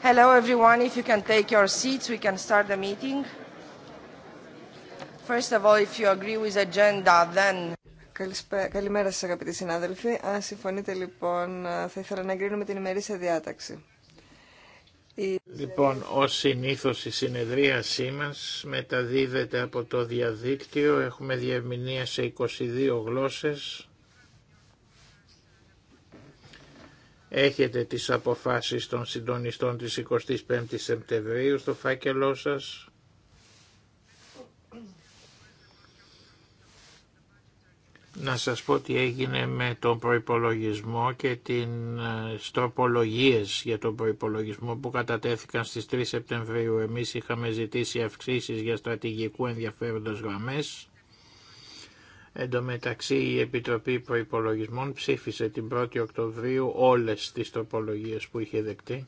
Hello everyone, if you can take your seats, we can start the meeting. First of all, if you agree with agenda, then... Καλημέρα σας αγαπητοί συνάδελφοι. Αν συμφωνείτε λοιπόν, θα ήθελα να εγκρίνουμε την ημερήσια διάταξη. Λοιπόν, ως συνήθως η συνεδρίασή μας μεταδίδεται από το διαδίκτυο. Έχουμε διευμηνία σε 22 γλώσσες. Έχετε τις αποφάσεις των συντονιστών της 25ης Σεπτεμβρίου στο φάκελό σας. Να σας πω τι έγινε με τον προϋπολογισμό και την ε, στροπολογίες για τον προϋπολογισμό που κατατέθηκαν στις 3 Σεπτεμβρίου. Εμείς είχαμε ζητήσει αυξήσεις για στρατηγικού ενδιαφέροντος γραμμές Εν τω μεταξύ η Επιτροπή Προϋπολογισμών ψήφισε την 1η Οκτωβρίου όλες τις τροπολογίες που είχε δεκτεί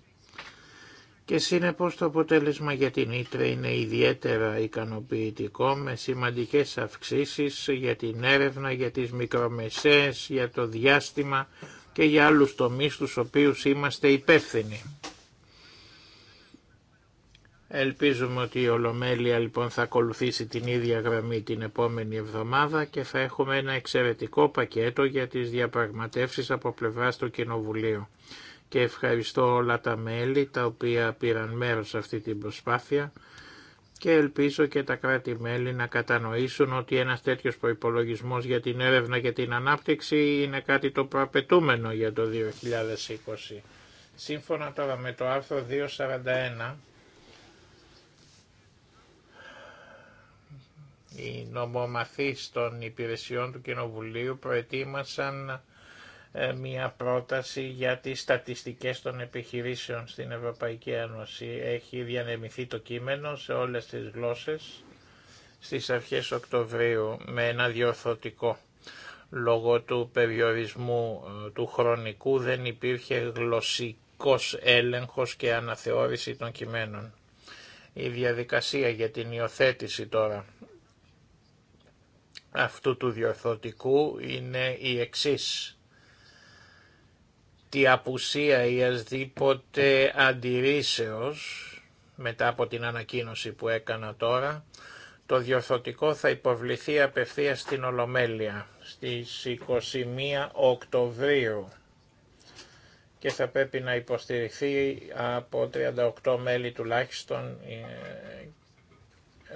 και σύνεπως το αποτέλεσμα για την Ήτρε είναι ιδιαίτερα ικανοποιητικό με σημαντικές αυξήσεις για την έρευνα, για τις μικρομεσαίες, για το διάστημα και για άλλους τομείς τους οποίους είμαστε υπεύθυνοι. Ελπίζουμε ότι η Ολομέλεια λοιπόν θα ακολουθήσει την ίδια γραμμή την επόμενη εβδομάδα και θα έχουμε ένα εξαιρετικό πακέτο για τις διαπραγματεύσεις από πλευρά του Κοινοβουλίου. Και ευχαριστώ όλα τα μέλη τα οποία πήραν μέρος σε αυτή την προσπάθεια και ελπίζω και τα κράτη-μέλη να κατανοήσουν ότι ένας τέτοιος προπολογισμό για την έρευνα και την ανάπτυξη είναι κάτι το προαπαιτούμενο για το 2020. Σύμφωνα τώρα με το άρθρο 241 οι νομομαθείς των υπηρεσιών του Κοινοβουλίου προετοίμασαν ε, μια πρόταση για τις στατιστικές των επιχειρήσεων στην Ευρωπαϊκή Ένωση. Έχει διανεμηθεί το κείμενο σε όλες τις γλώσσες στις αρχές Οκτωβρίου με ένα διορθωτικό. Λόγω του περιορισμού ε, του χρονικού δεν υπήρχε γλωσσικός έλεγχος και αναθεώρηση των κειμένων. Η διαδικασία για την υιοθέτηση τώρα αυτού του διορθωτικού είναι η εξής. Τη απουσία ή ασδήποτε αντιρρήσεως μετά από την ανακοίνωση που έκανα τώρα, το διορθωτικό θα υποβληθεί απευθείας στην Ολομέλεια στις 21 Οκτωβρίου και θα πρέπει να υποστηριχθεί από 38 μέλη τουλάχιστον ε,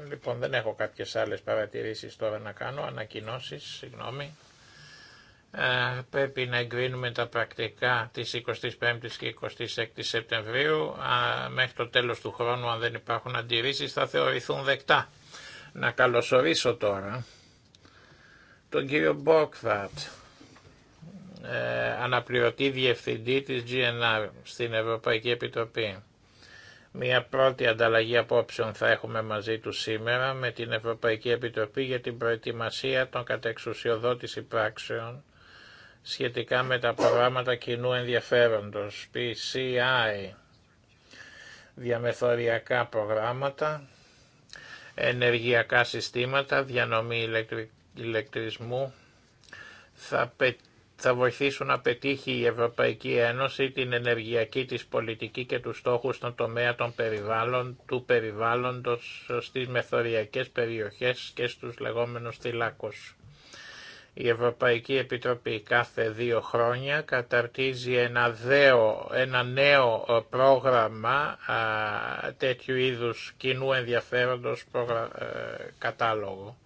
Λοιπόν, δεν έχω κάποιες άλλες παρατηρήσεις τώρα να κάνω, ανακοινώσεις, συγγνώμη. Ε, πρέπει να εγκρίνουμε τα πρακτικά της 25ης και 26ης Σεπτεμβρίου. μέχρι το τέλος του χρόνου, αν δεν υπάρχουν αντιρρήσεις, θα θεωρηθούν δεκτά. Να καλωσορίσω τώρα τον κύριο Μπόκθατ, ε, αναπληρωτή διευθυντή της GNR στην Ευρωπαϊκή Επιτροπή. Μία πρώτη ανταλλαγή απόψεων θα έχουμε μαζί του σήμερα με την Ευρωπαϊκή Επιτροπή για την προετοιμασία των κατεξουσιοδότηση πράξεων σχετικά με τα προγράμματα κοινού ενδιαφέροντος, PCI, διαμεθοριακά προγράμματα, ενεργειακά συστήματα, διανομή ηλεκτρισμού. Θα θα βοηθήσουν να πετύχει η Ευρωπαϊκή Ένωση την ενεργειακή της πολιτική και τους στόχους στον τομέα των περιβάλλον, του περιβάλλοντος στις μεθοριακές περιοχές και στους λεγόμενους θυλάκους. Η Ευρωπαϊκή Επιτροπή κάθε δύο χρόνια καταρτίζει ένα, ένα νέο ε, πρόγραμμα τέτοιου είδους κοινού ενδιαφέροντος προγρα, ε, κατάλογο.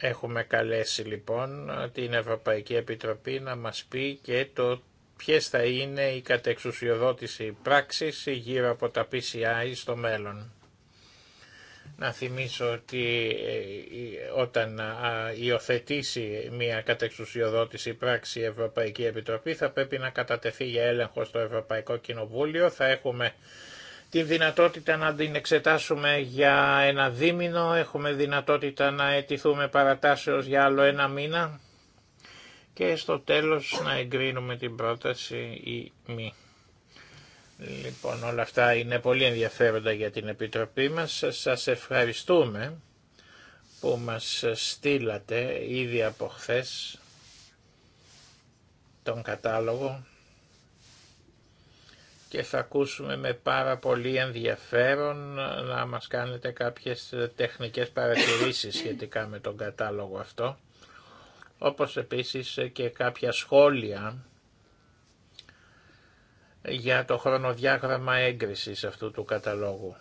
Έχουμε καλέσει λοιπόν την Ευρωπαϊκή Επιτροπή να μας πει και το ποιες θα είναι η κατεξουσιοδότηση πράξης γύρω από τα PCI στο μέλλον. Να θυμίσω ότι ε, όταν υιοθετήσει μια κατεξουσιοδότηση πράξη η Ευρωπαϊκή Επιτροπή θα πρέπει να κατατεθεί για έλεγχο στο Ευρωπαϊκό Κοινοβούλιο. Θα έχουμε την δυνατότητα να την εξετάσουμε για ένα δίμηνο, έχουμε δυνατότητα να αιτηθούμε παρατάσεως για άλλο ένα μήνα και στο τέλος να εγκρίνουμε την πρόταση ή μη. Λοιπόν, όλα αυτά είναι πολύ ενδιαφέροντα για την Επιτροπή μας. Σας ευχαριστούμε που μας στείλατε ήδη από χθες τον κατάλογο και θα ακούσουμε με πάρα πολύ ενδιαφέρον να μας κάνετε κάποιες τεχνικές παρατηρήσεις σχετικά με τον κατάλογο αυτό, όπως επίσης και κάποια σχόλια για το χρονοδιάγραμμα έγκρισης αυτού του καταλόγου.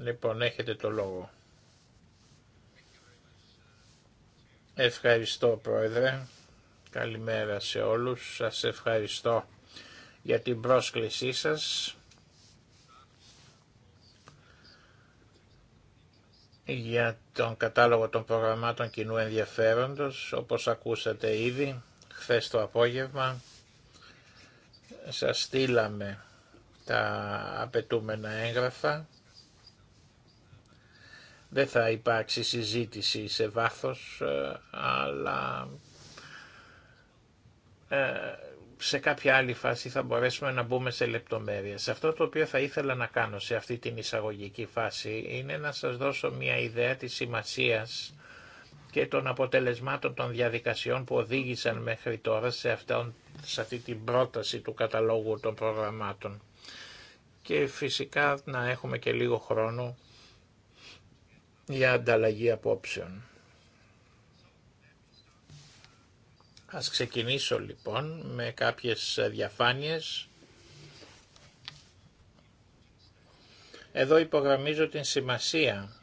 Λοιπόν, έχετε το λόγο. Ευχαριστώ Πρόεδρε. Καλημέρα σε όλους. Σας ευχαριστώ για την πρόσκλησή σας. για τον κατάλογο των προγραμμάτων κοινού ενδιαφέροντος, όπως ακούσατε ήδη χθες το απόγευμα. Σας στείλαμε τα απαιτούμενα έγγραφα. Δεν θα υπάρξει συζήτηση σε βάθος, ε, αλλά ε, σε κάποια άλλη φάση θα μπορέσουμε να μπούμε σε λεπτομέρειες. Αυτό το οποίο θα ήθελα να κάνω σε αυτή την εισαγωγική φάση είναι να σας δώσω μια ιδέα της σημασίας και των αποτελεσμάτων των διαδικασιών που οδήγησαν μέχρι τώρα σε, σε αυτή την πρόταση του καταλόγου των προγραμμάτων. Και φυσικά να έχουμε και λίγο χρόνο για ανταλλαγή απόψεων. Ας ξεκινήσω λοιπόν με κάποιες διαφάνειες. Εδώ υπογραμμίζω την σημασία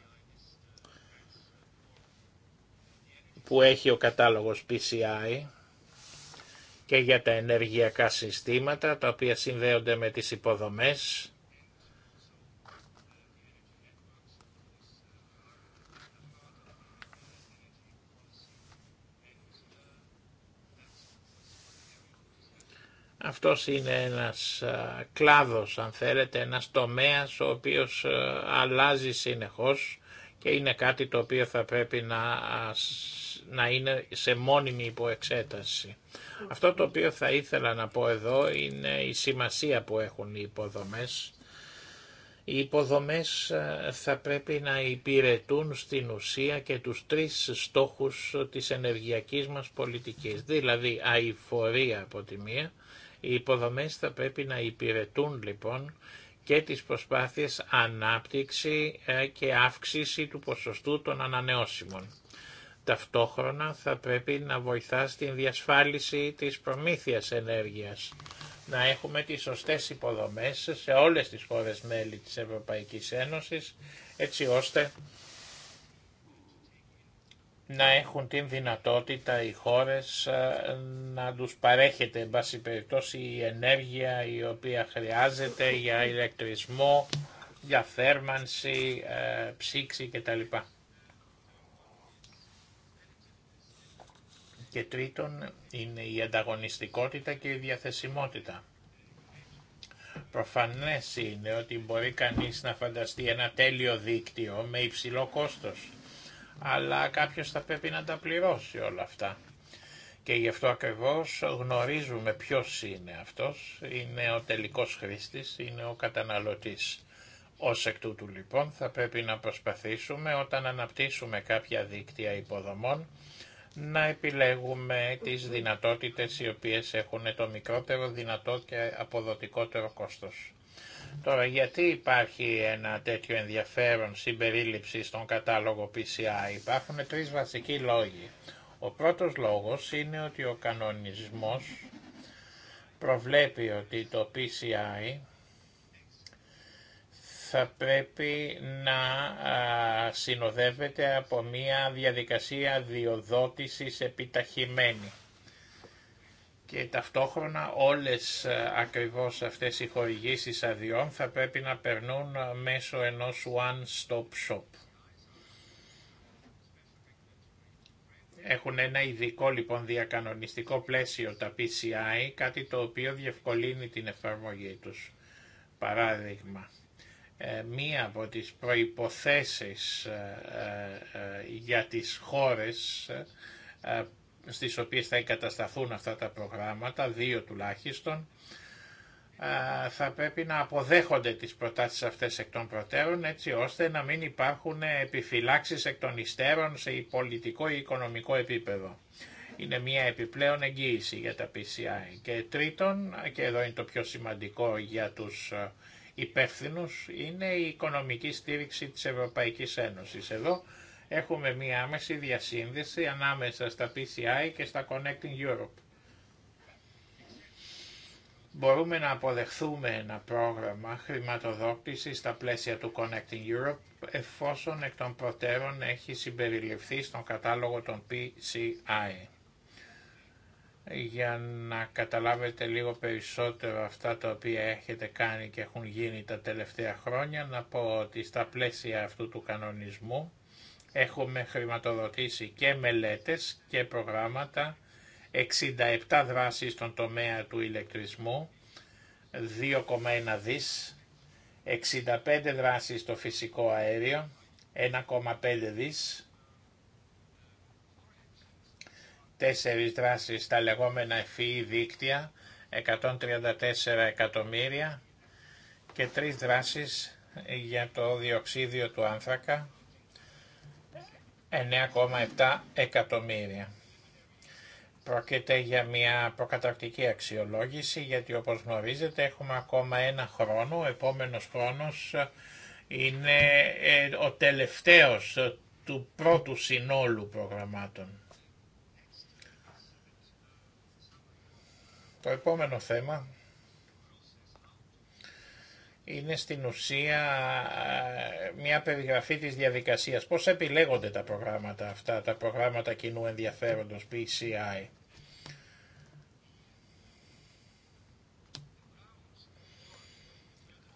που έχει ο κατάλογος PCI και για τα ενεργειακά συστήματα τα οποία συνδέονται με τις υποδομές Αυτός είναι ένας κλάδος, αν θέλετε, ένας τομέας ο οποίος αλλάζει συνεχώς και είναι κάτι το οποίο θα πρέπει να, να είναι σε μόνιμη υποεξέταση. Αυτό το οποίο θα ήθελα να πω εδώ είναι η σημασία που έχουν οι υποδομές. Οι υποδομές θα πρέπει να υπηρετούν στην ουσία και τους τρεις στόχους της ενεργειακής μας πολιτικής, δηλαδή αηφορία από τη μία, οι υποδομές θα πρέπει να υπηρετούν λοιπόν και τις προσπάθειες ανάπτυξη ε, και αύξηση του ποσοστού των ανανεώσιμων. Ταυτόχρονα θα πρέπει να βοηθά στην διασφάλιση της προμήθειας ενέργειας. Να έχουμε τις σωστές υποδομές σε όλες τις χώρες μέλη της Ευρωπαϊκής Ένωσης, έτσι ώστε να έχουν την δυνατότητα οι χώρες ε, να τους παρέχεται εν πάση περιπτώσει η ενέργεια η οποία χρειάζεται για ηλεκτρισμό, για θέρμανση, ε, ψήξη κτλ. Και τρίτον είναι η ανταγωνιστικότητα και η διαθεσιμότητα. Προφανές είναι ότι μπορεί κανείς να φανταστεί ένα τέλειο δίκτυο με υψηλό κόστος αλλά κάποιος θα πρέπει να τα πληρώσει όλα αυτά. Και γι' αυτό ακριβώς γνωρίζουμε ποιος είναι αυτός, είναι ο τελικός χρήστης, είναι ο καταναλωτής. Ως εκ τούτου λοιπόν θα πρέπει να προσπαθήσουμε όταν αναπτύσσουμε κάποια δίκτυα υποδομών να επιλέγουμε τις δυνατότητες οι οποίες έχουν το μικρότερο δυνατό και αποδοτικότερο κόστος. Τώρα γιατί υπάρχει ένα τέτοιο ενδιαφέρον συμπερίληψη στον κατάλογο PCI. Υπάρχουν τρεις βασικοί λόγοι. Ο πρώτος λόγος είναι ότι ο κανονισμός προβλέπει ότι το PCI θα πρέπει να συνοδεύεται από μια διαδικασία διοδότησης επιταχυμένη και ταυτόχρονα όλες ε, ακριβώς αυτές οι χορηγήσεις αδειών θα πρέπει να περνούν ε, μέσω ενός one-stop shop. Έχουν ένα ειδικό λοιπόν διακανονιστικό πλαίσιο τα PCI, κάτι το οποίο διευκολύνει την εφαρμογή τους. Παράδειγμα, ε, μία από τις προϋποθέσεις για τις χώρες στις οποίες θα εγκατασταθούν αυτά τα προγράμματα, δύο τουλάχιστον, θα πρέπει να αποδέχονται τις προτάσεις αυτές εκ των προτέρων έτσι ώστε να μην υπάρχουν επιφυλάξεις εκ των υστέρων σε πολιτικό ή οικονομικό επίπεδο. Είναι μια επιπλέον εγγύηση για τα PCI. Και τρίτον, και εδώ είναι το πιο σημαντικό για τους υπεύθυνου, είναι η οικονομική στήριξη της Ευρωπαϊκής Ένωσης. Εδώ έχουμε μία άμεση διασύνδεση ανάμεσα στα PCI και στα Connecting Europe. Μπορούμε να αποδεχθούμε ένα πρόγραμμα χρηματοδότησης στα πλαίσια του Connecting Europe εφόσον εκ των προτέρων έχει συμπεριληφθεί στον κατάλογο των PCI. Για να καταλάβετε λίγο περισσότερο αυτά τα οποία έχετε κάνει και έχουν γίνει τα τελευταία χρόνια, να πω ότι στα πλαίσια αυτού του κανονισμού Έχουμε χρηματοδοτήσει και μελέτες και προγράμματα, 67 δράσεις στον τομέα του ηλεκτρισμού, 2,1 δις, 65 δράσεις στο φυσικό αέριο, 1,5 δις, 4 δράσεις στα λεγόμενα ΕΦΗ e δίκτυα, 134 εκατομμύρια και 3 δράσεις για το διοξίδιο του άνθρακα, 9,7 εκατομμύρια. Πρόκειται για μια προκαταρκτική αξιολόγηση γιατί όπως γνωρίζετε έχουμε ακόμα ένα χρόνο, ο επόμενος χρόνος είναι ε, ο τελευταίος του πρώτου συνόλου προγραμμάτων. Το επόμενο θέμα είναι στην ουσία ε, μια περιγραφή της διαδικασίας. Πώς επιλέγονται τα προγράμματα αυτά, τα προγράμματα κοινού ενδιαφέροντος, PCI.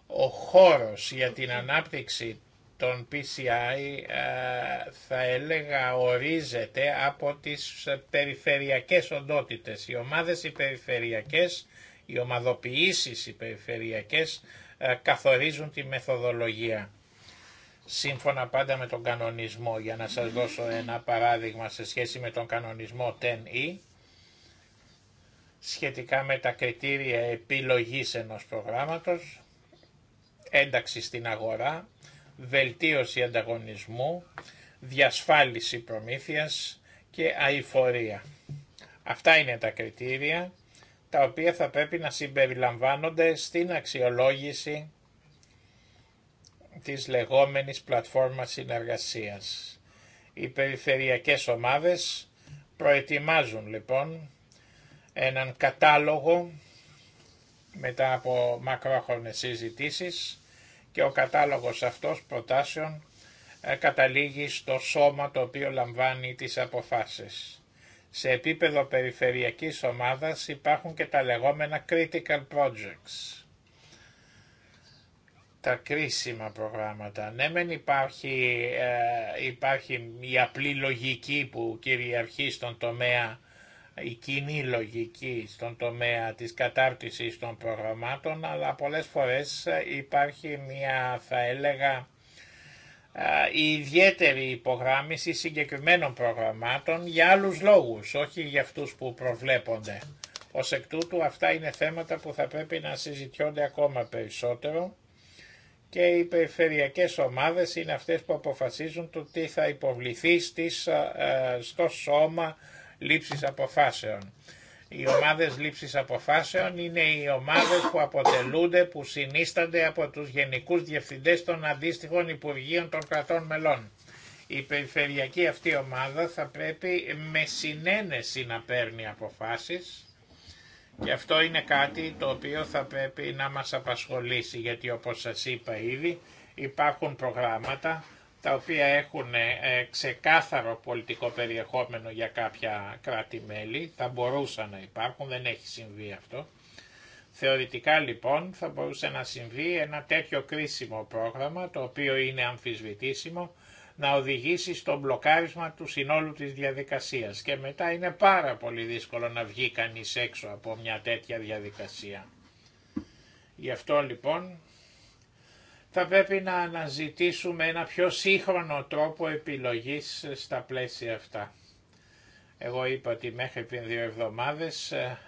Ο χώρος για την ανάπτυξη των PCI ε, θα έλεγα ορίζεται από τις περιφερειακές οντότητες. Οι ομάδες οι περιφερειακές, οι ομαδοποιήσεις οι περιφερειακές ε, καθορίζουν τη μεθοδολογία. Σύμφωνα πάντα με τον κανονισμό, για να σας δώσω ένα παράδειγμα σε σχέση με τον κανονισμό 10E, σχετικά με τα κριτήρια επιλογής ενός προγράμματος, ένταξη στην αγορά, βελτίωση ανταγωνισμού, διασφάλιση προμήθειας και αηφορία. Αυτά είναι τα κριτήρια τα οποία θα πρέπει να συμπεριλαμβάνονται στην αξιολόγηση της λεγόμενης πλατφόρμας συνεργασίας. Οι περιφερειακές ομάδες προετοιμάζουν λοιπόν έναν κατάλογο μετά από μακρόχρονες συζητήσει και ο κατάλογος αυτός προτάσεων ε, καταλήγει στο σώμα το οποίο λαμβάνει τις αποφάσεις. Σε επίπεδο περιφερειακής ομάδας υπάρχουν και τα λεγόμενα critical projects. Τα κρίσιμα προγράμματα. Ναι, μεν υπάρχει, ε, υπάρχει η απλή λογική που κυριαρχεί στον τομέα, η κοινή λογική στον τομέα της κατάρτισης των προγραμμάτων, αλλά πολλές φορές ε, υπάρχει μια, θα έλεγα, η ιδιαίτερη υπογράμμιση συγκεκριμένων προγραμμάτων για άλλους λόγους, όχι για αυτούς που προβλέπονται. Ως εκ τούτου αυτά είναι θέματα που θα πρέπει να συζητιώνται ακόμα περισσότερο και οι περιφερειακές ομάδες είναι αυτές που αποφασίζουν το τι θα υποβληθεί στο σώμα λήψης αποφάσεων. Οι ομάδες λήψης αποφάσεων είναι οι ομάδες που αποτελούνται, που συνίστανται από τους γενικούς διευθυντές των αντίστοιχων Υπουργείων των κρατών μελών. Η περιφερειακή αυτή ομάδα θα πρέπει με συνένεση να παίρνει αποφάσεις και αυτό είναι κάτι το οποίο θα πρέπει να μας απασχολήσει γιατί όπως σας είπα ήδη υπάρχουν προγράμματα τα οποία έχουν ε, ξεκάθαρο πολιτικό περιεχόμενο για κάποια κράτη-μέλη, θα μπορούσαν να υπάρχουν, δεν έχει συμβεί αυτό. Θεωρητικά λοιπόν θα μπορούσε να συμβεί ένα τέτοιο κρίσιμο πρόγραμμα, το οποίο είναι αμφισβητήσιμο, να οδηγήσει στο μπλοκάρισμα του συνόλου της διαδικασίας και μετά είναι πάρα πολύ δύσκολο να βγει κανείς έξω από μια τέτοια διαδικασία. Γι' αυτό λοιπόν θα πρέπει να αναζητήσουμε ένα πιο σύγχρονο τρόπο επιλογής στα πλαίσια αυτά. Εγώ είπα ότι μέχρι πριν δύο εβδομάδες ε,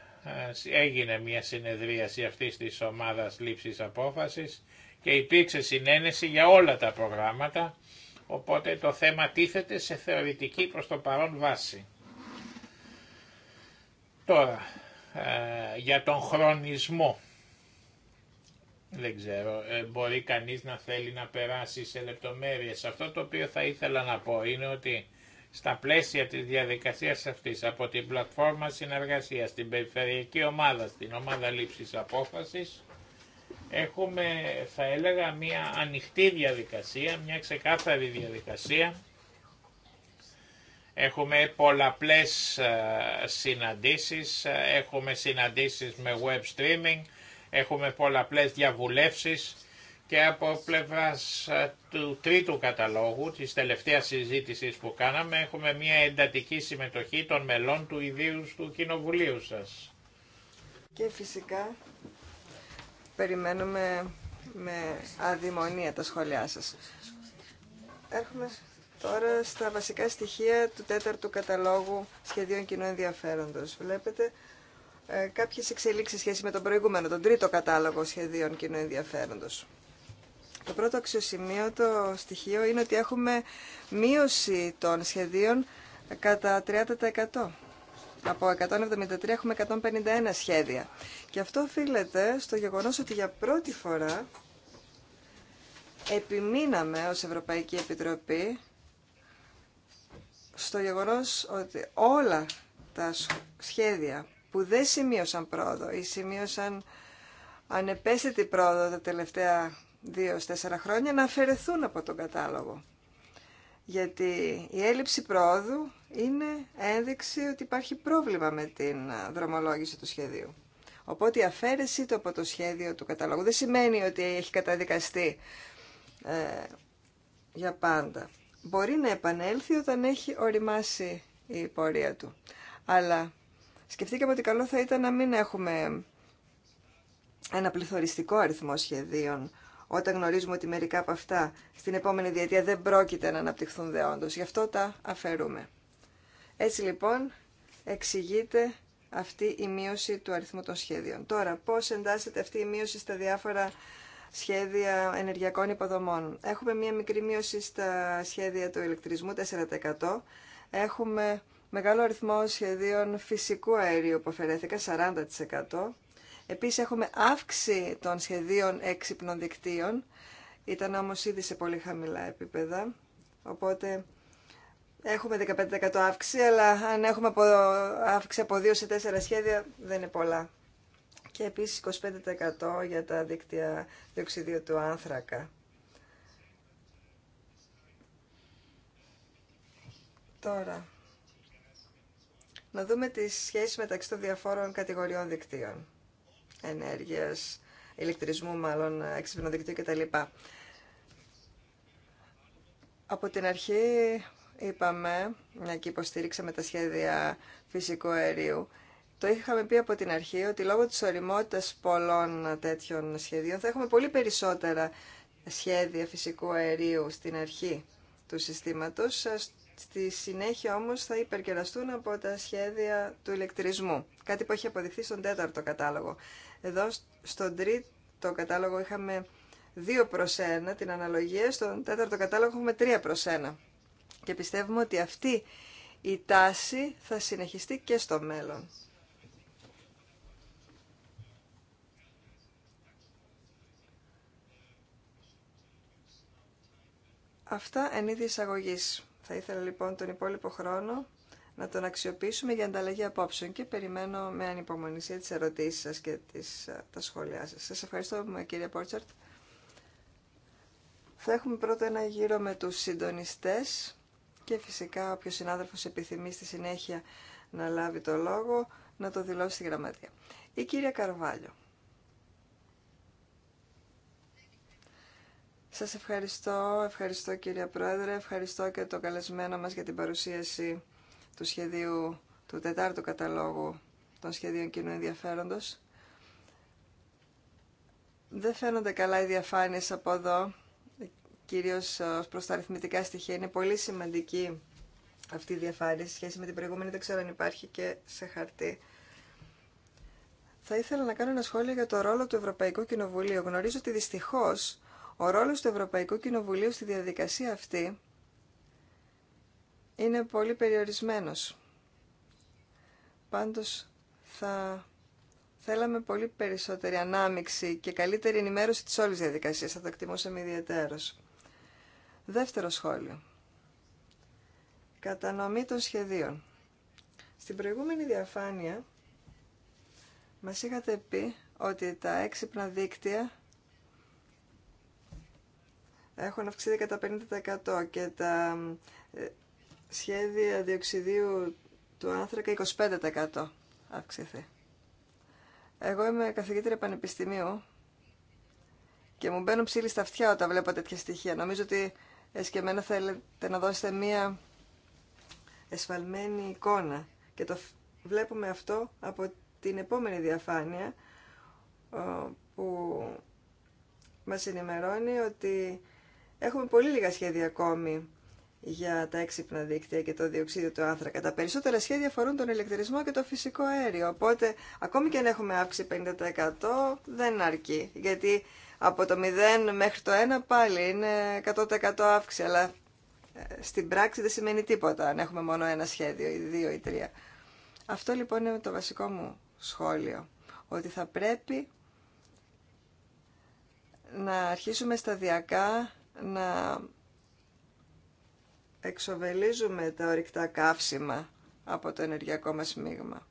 ε, έγινε μια συνεδρίαση αυτής της ομάδας λήψης απόφασης και υπήρξε συνένεση για όλα τα προγράμματα, οπότε το θέμα τίθεται σε θεωρητική προς το παρόν βάση. Τώρα, ε, για τον χρονισμό δεν ξέρω, ε, μπορεί κανείς να θέλει να περάσει σε λεπτομέρειες. Αυτό το οποίο θα ήθελα να πω είναι ότι στα πλαίσια της διαδικασίας αυτής από την πλατφόρμα συνεργασίας, στην περιφερειακή ομάδα, στην ομάδα λήψης απόφασης, έχουμε θα έλεγα μια ανοιχτή διαδικασία, μια ξεκάθαρη διαδικασία. Έχουμε πολλαπλές ε, συναντήσεις, ε, έχουμε συναντήσεις με web streaming, Έχουμε πολλαπλές διαβουλεύσεις και από πλευρά ε, του τρίτου καταλόγου, της τελευταίας συζήτησης που κάναμε, έχουμε μια εντατική συμμετοχή των μελών του ιδίου του κοινοβουλίου σας. Και φυσικά περιμένουμε με αδημονία τα σχόλιά σας. Έρχομαι τώρα στα βασικά στοιχεία του τέταρτου καταλόγου σχεδίων κοινού ενδιαφέροντος. Βλέπετε ε, κάποιες εξελίξεις σχέση με τον προηγούμενο, τον τρίτο κατάλογο σχεδίων κοινού ενδιαφέροντος. Το πρώτο αξιοσημείωτο στοιχείο είναι ότι έχουμε μείωση των σχεδίων κατά 30%. Από 173 έχουμε 151 σχέδια. Και αυτό οφείλεται στο γεγονός ότι για πρώτη φορά επιμείναμε ως Ευρωπαϊκή Επιτροπή στο γεγονός ότι όλα τα σχέδια που δεν σημείωσαν πρόοδο ή σημείωσαν ανεπαίσθητη πρόοδο τα τελευταία δύο-τέσσερα χρόνια να αφαιρεθούν από τον κατάλογο. Γιατί η έλλειψη πρόοδου είναι ένδειξη ότι υπάρχει πρόβλημα με την δρομολόγηση του σχεδίου. Οπότε η αφαίρεσή του από το σχέδιο του καταλόγου δεν σημαίνει ότι έχει καταδικαστεί ε, για πάντα. Μπορεί να επανέλθει όταν έχει οριμάσει η πορεία του. Αλλά Σκεφτήκαμε ότι καλό θα ήταν να μην έχουμε ένα πληθωριστικό αριθμό σχεδίων όταν γνωρίζουμε ότι μερικά από αυτά στην επόμενη διετία δεν πρόκειται να αναπτυχθούν δεόντως. Γι' αυτό τα αφαιρούμε. Έτσι λοιπόν εξηγείται αυτή η μείωση του αριθμού των σχέδιων. Τώρα, πώς εντάσσεται αυτή η μείωση στα διάφορα σχέδια ενεργειακών υποδομών. Έχουμε μία μικρή μείωση στα σχέδια του ηλεκτρισμού, 4%. Έχουμε μεγάλο αριθμό σχεδίων φυσικού αερίου που αφαιρέθηκαν, 40%. Επίσης έχουμε αύξηση των σχεδίων έξυπνων δικτύων, ήταν όμως ήδη σε πολύ χαμηλά επίπεδα, οπότε έχουμε 15% αύξηση, αλλά αν έχουμε από, αύξηση από 2 σε 4 σχέδια δεν είναι πολλά. Και επίσης 25% για τα δίκτυα διοξιδίου του άνθρακα. Τώρα, να δούμε τις σχέσεις μεταξύ των διαφόρων κατηγοριών δικτύων. Ενέργειας, ηλεκτρισμού μάλλον, έξυπνο δικτύο κτλ. Από την αρχή είπαμε, μια και υποστήριξαμε τα σχέδια φυσικού αερίου, το είχαμε πει από την αρχή ότι λόγω της οριμότητας πολλών τέτοιων σχεδίων θα έχουμε πολύ περισσότερα σχέδια φυσικού αερίου στην αρχή του συστήματος Στη συνέχεια όμως θα υπερκεραστούν από τα σχέδια του ηλεκτρισμού, κάτι που έχει αποδειχθεί στον τέταρτο κατάλογο. Εδώ στον τρίτο κατάλογο είχαμε δύο προς 1 την αναλογία, στον τέταρτο κατάλογο έχουμε τρία προς 1. Και πιστεύουμε ότι αυτή η τάση θα συνεχιστεί και στο μέλλον. Αυτά εν είδη εισαγωγής. Θα ήθελα λοιπόν τον υπόλοιπο χρόνο να τον αξιοποιήσουμε για ανταλλαγή απόψεων και περιμένω με ανυπομονησία τις ερωτήσεις σας και τις, ε, τα σχόλιά σας. Σας ευχαριστώ ε, κύριε Πόρτσαρτ. Θα έχουμε πρώτα ένα γύρο με τους συντονιστές και φυσικά όποιος συνάδελφος επιθυμεί στη συνέχεια να λάβει το λόγο να το δηλώσει στη γραμματεία. Η κυρία Καρβάλιο. Σας ευχαριστώ, ευχαριστώ κύριε Πρόεδρε, ευχαριστώ και το καλεσμένο μας για την παρουσίαση του σχεδίου του τετάρτου καταλόγου των σχεδίων κοινού ενδιαφέροντος. Δεν φαίνονται καλά οι διαφάνειες από εδώ, κυρίως ε, προς τα αριθμητικά στοιχεία. Είναι πολύ σημαντική αυτή η διαφάνεια σε σχέση με την προηγούμενη, δεν ξέρω αν υπάρχει και σε χαρτί. Θα ήθελα να κάνω ένα σχόλιο για το ρόλο του Ευρωπαϊκού Κοινοβουλίου. Γνωρίζω ότι δυστυχώς ο ρόλος του Ευρωπαϊκού Κοινοβουλίου στη διαδικασία αυτή είναι πολύ περιορισμένος. Πάντως θα θέλαμε πολύ περισσότερη ανάμιξη και καλύτερη ενημέρωση της όλης διαδικασίας. Θα το εκτιμούσαμε ιδιαίτερος. Δεύτερο σχόλιο. Κατανομή των σχεδίων. Στην προηγούμενη διαφάνεια μας είχατε πει ότι τα έξυπνα δίκτυα έχουν αυξηθεί κατά 50% και τα ε, σχέδια διοξιδίου του άνθρακα 25% αυξηθεί. Εγώ είμαι καθηγήτρια πανεπιστημίου και μου μπαίνουν ψήλοι στα αυτιά όταν βλέπω τέτοια στοιχεία. Νομίζω ότι εσκεμένα θέλετε να δώσετε μία εσφαλμένη εικόνα και το βλέπουμε αυτό από την επόμενη διαφάνεια που μας ενημερώνει ότι Έχουμε πολύ λίγα σχέδια ακόμη για τα έξυπνα δίκτυα και το διοξείδιο του άνθρακα. Τα περισσότερα σχέδια αφορούν τον ηλεκτρισμό και το φυσικό αέριο. Οπότε, ακόμη και αν έχουμε αύξηση 50%, δεν αρκεί. Γιατί από το 0 μέχρι το 1 πάλι είναι 100% αύξηση. Αλλά ε, στην πράξη δεν σημαίνει τίποτα αν έχουμε μόνο ένα σχέδιο, ή δύο ή τρία. Αυτό λοιπόν είναι το βασικό μου σχόλιο. Ότι θα πρέπει να αρχίσουμε σταδιακά να εξοβελίζουμε τα ορυκτά καύσιμα από το ενεργειακό μας μείγμα.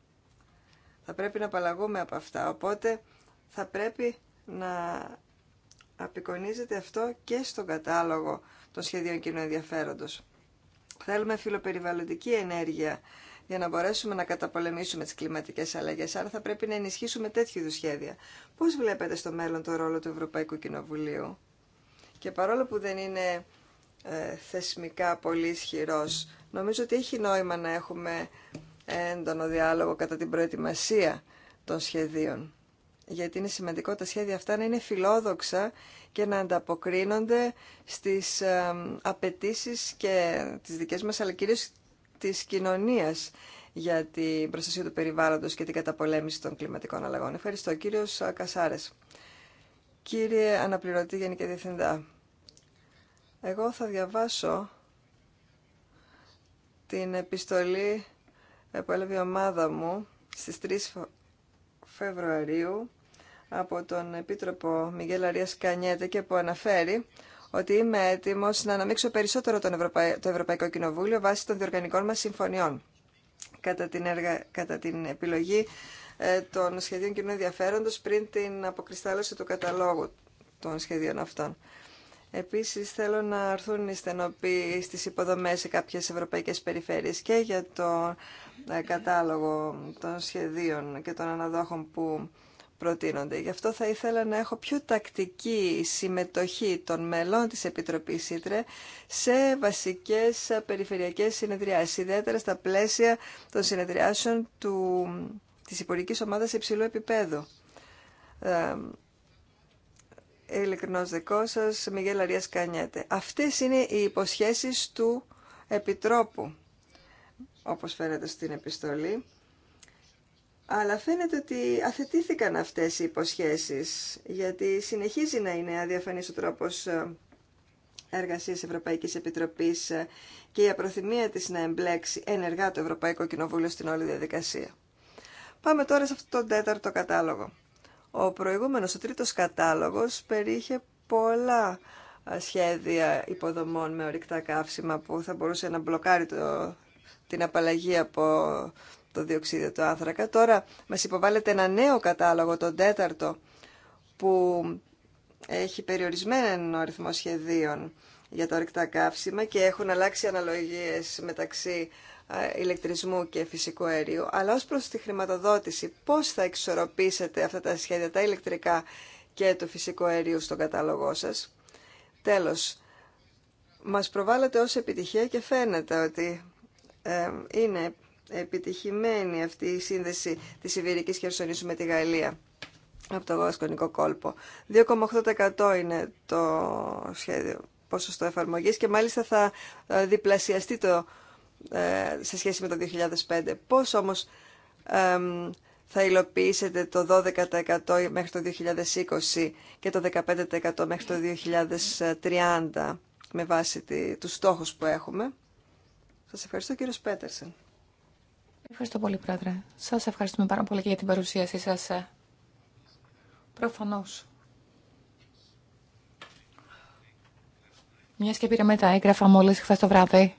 Θα πρέπει να απαλλαγούμε από αυτά, οπότε θα πρέπει να απεικονίζεται αυτό και στον κατάλογο των σχεδίων κοινού ενδιαφέροντος. Θέλουμε φιλοπεριβαλλοντική ενέργεια για να μπορέσουμε να καταπολεμήσουμε τις κλιματικές αλλαγές, άρα θα πρέπει να ενισχύσουμε τέτοιου είδους σχέδια. Πώς βλέπετε στο μέλλον το ρόλο του Ευρωπαϊκού Κοινοβουλίου και παρόλο που δεν είναι ε, θεσμικά πολύ ισχυρό, νομίζω ότι έχει νόημα να έχουμε έντονο διάλογο κατά την προετοιμασία των σχεδίων. Γιατί είναι σημαντικό τα σχέδια αυτά να είναι φιλόδοξα και να ανταποκρίνονται στις ε, απαιτήσει και τις δικές μας, αλλά κυρίως της κοινωνίας για την προστασία του περιβάλλοντος και την καταπολέμηση των κλιματικών αλλαγών. Ευχαριστώ. Κύριος Κασάρες. Κύριε Αναπληρωτή Γενική Διευθυντά, εγώ θα διαβάσω την επιστολή ε, που έλαβε η ομάδα μου στις 3 Φεβρουαρίου από τον Επίτροπο Μιγέλα Αρίας Κανιέτε και που αναφέρει ότι είμαι έτοιμος να αναμίξω περισσότερο τον το Ευρωπαϊκό Κοινοβούλιο βάσει των διοργανικών μας συμφωνιών κατά την, επιλογή ε, των σχεδίων κοινού ενδιαφέροντος πριν την αποκριστάλλωση του καταλόγου των σχεδίων αυτών. Επίσης θέλω να έρθουν οι στενοποί στις υποδομές σε κάποιες ευρωπαϊκές περιφέρειες και για το ε, κατάλογο των σχεδίων και των αναδόχων που προτείνονται. Γι' αυτό θα ήθελα να έχω πιο τακτική συμμετοχή των μελών της Επιτροπής Ήτρε σε βασικές περιφερειακές συνεδριάσεις, ιδιαίτερα στα πλαίσια των συνεδριάσεων του, της υπορικής ομάδας υψηλού επίπεδου ε, ειλικρινός δικό σας, Μιγέλ Αρίας Κανιέτε. Αυτές είναι οι υποσχέσεις του Επιτρόπου, όπως φαίνεται στην επιστολή. Αλλά φαίνεται ότι αθετήθηκαν αυτές οι υποσχέσεις, γιατί συνεχίζει να είναι αδιαφανής ο τρόπος εργασίας Ευρωπαϊκής Επιτροπής ε, και η απροθυμία της να εμπλέξει ενεργά το Ευρωπαϊκό Κοινοβούλιο στην όλη διαδικασία. Πάμε τώρα σε αυτό το τέταρτο κατάλογο. Ο προηγούμενος, ο τρίτος κατάλογος, περιείχε πολλά σχέδια υποδομών με ορυκτά καύσιμα που θα μπορούσε να μπλοκάρει την απαλλαγή από το διοξίδιο του άνθρακα. Τώρα μας υποβάλλεται ένα νέο κατάλογο, τον τέταρτο, που έχει περιορισμένο αριθμό σχεδίων για το ορυκτά καύσιμα και έχουν αλλάξει αναλογίες μεταξύ ηλεκτρισμού και φυσικού αερίου. Αλλά ως προς τη χρηματοδότηση, πώς θα εξορροπήσετε αυτά τα σχέδια, τα ηλεκτρικά και το φυσικό αερίου στον κατάλογό σας. Τέλος, μας προβάλλατε ως επιτυχία και φαίνεται ότι ε, είναι επιτυχημένη αυτή η σύνδεση της Ιβηρικής Χερσονήσου με τη Γαλλία από το βασκονικό κόλπο. 2,8% είναι το σχέδιο ποσοστό εφαρμογής και μάλιστα θα ε, διπλασιαστεί το ε, σε σχέση με το 2005. Πώς όμως θα υλοποιήσετε το 12% μέχρι το 2020 και το 15% μέχρι το 2030 με βάση τους στόχους που έχουμε. Σας ευχαριστώ κύριος Πέτερσεν. Ευχαριστώ πολύ πρόεδρε. Σας ευχαριστούμε πάρα πολύ και για την παρουσίασή σας. Ε. Προφανώς. Μια και πήραμε τα έγγραφα μόλις χθες το βράδυ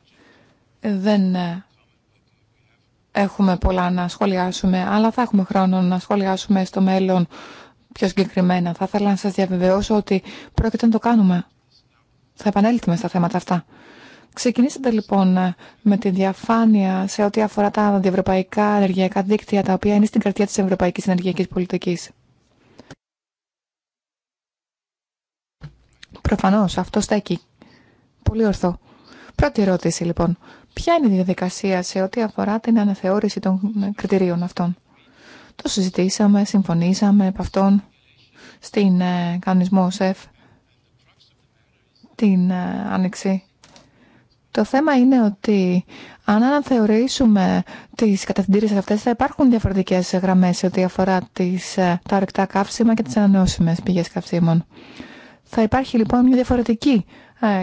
δεν ε, έχουμε πολλά να σχολιάσουμε, αλλά θα έχουμε χρόνο να σχολιάσουμε στο μέλλον πιο συγκεκριμένα. Θα ήθελα να σας διαβεβαιώσω ότι πρόκειται να το κάνουμε. Θα επανέλθουμε στα θέματα αυτά. Ξεκινήσατε λοιπόν ε, με τη διαφάνεια σε ό,τι αφορά τα αντιευρωπαϊκά ενεργειακά δίκτυα, τα οποία είναι στην καρδιά της ευρωπαϊκής ενεργειακής πολιτικής. Προφανώς, αυτό στέκει. Πολύ ορθό. Πρώτη ερώτηση λοιπόν. Ποια είναι η διαδικασία σε ό,τι αφορά την αναθεώρηση των κριτηρίων αυτών. Το συζητήσαμε, συμφωνήσαμε από αυτόν στην ε, κανονισμό ΣΕΦ την ε, άνοιξη. Το θέμα είναι ότι αν αναθεωρήσουμε τις κατευθυντήρες αυτές θα υπάρχουν διαφορετικές γραμμές σε ό,τι αφορά τις, ε, τα αρκετά καύσιμα και τις ανανεώσιμες πηγές καυσίμων. Θα υπάρχει λοιπόν μια διαφορετική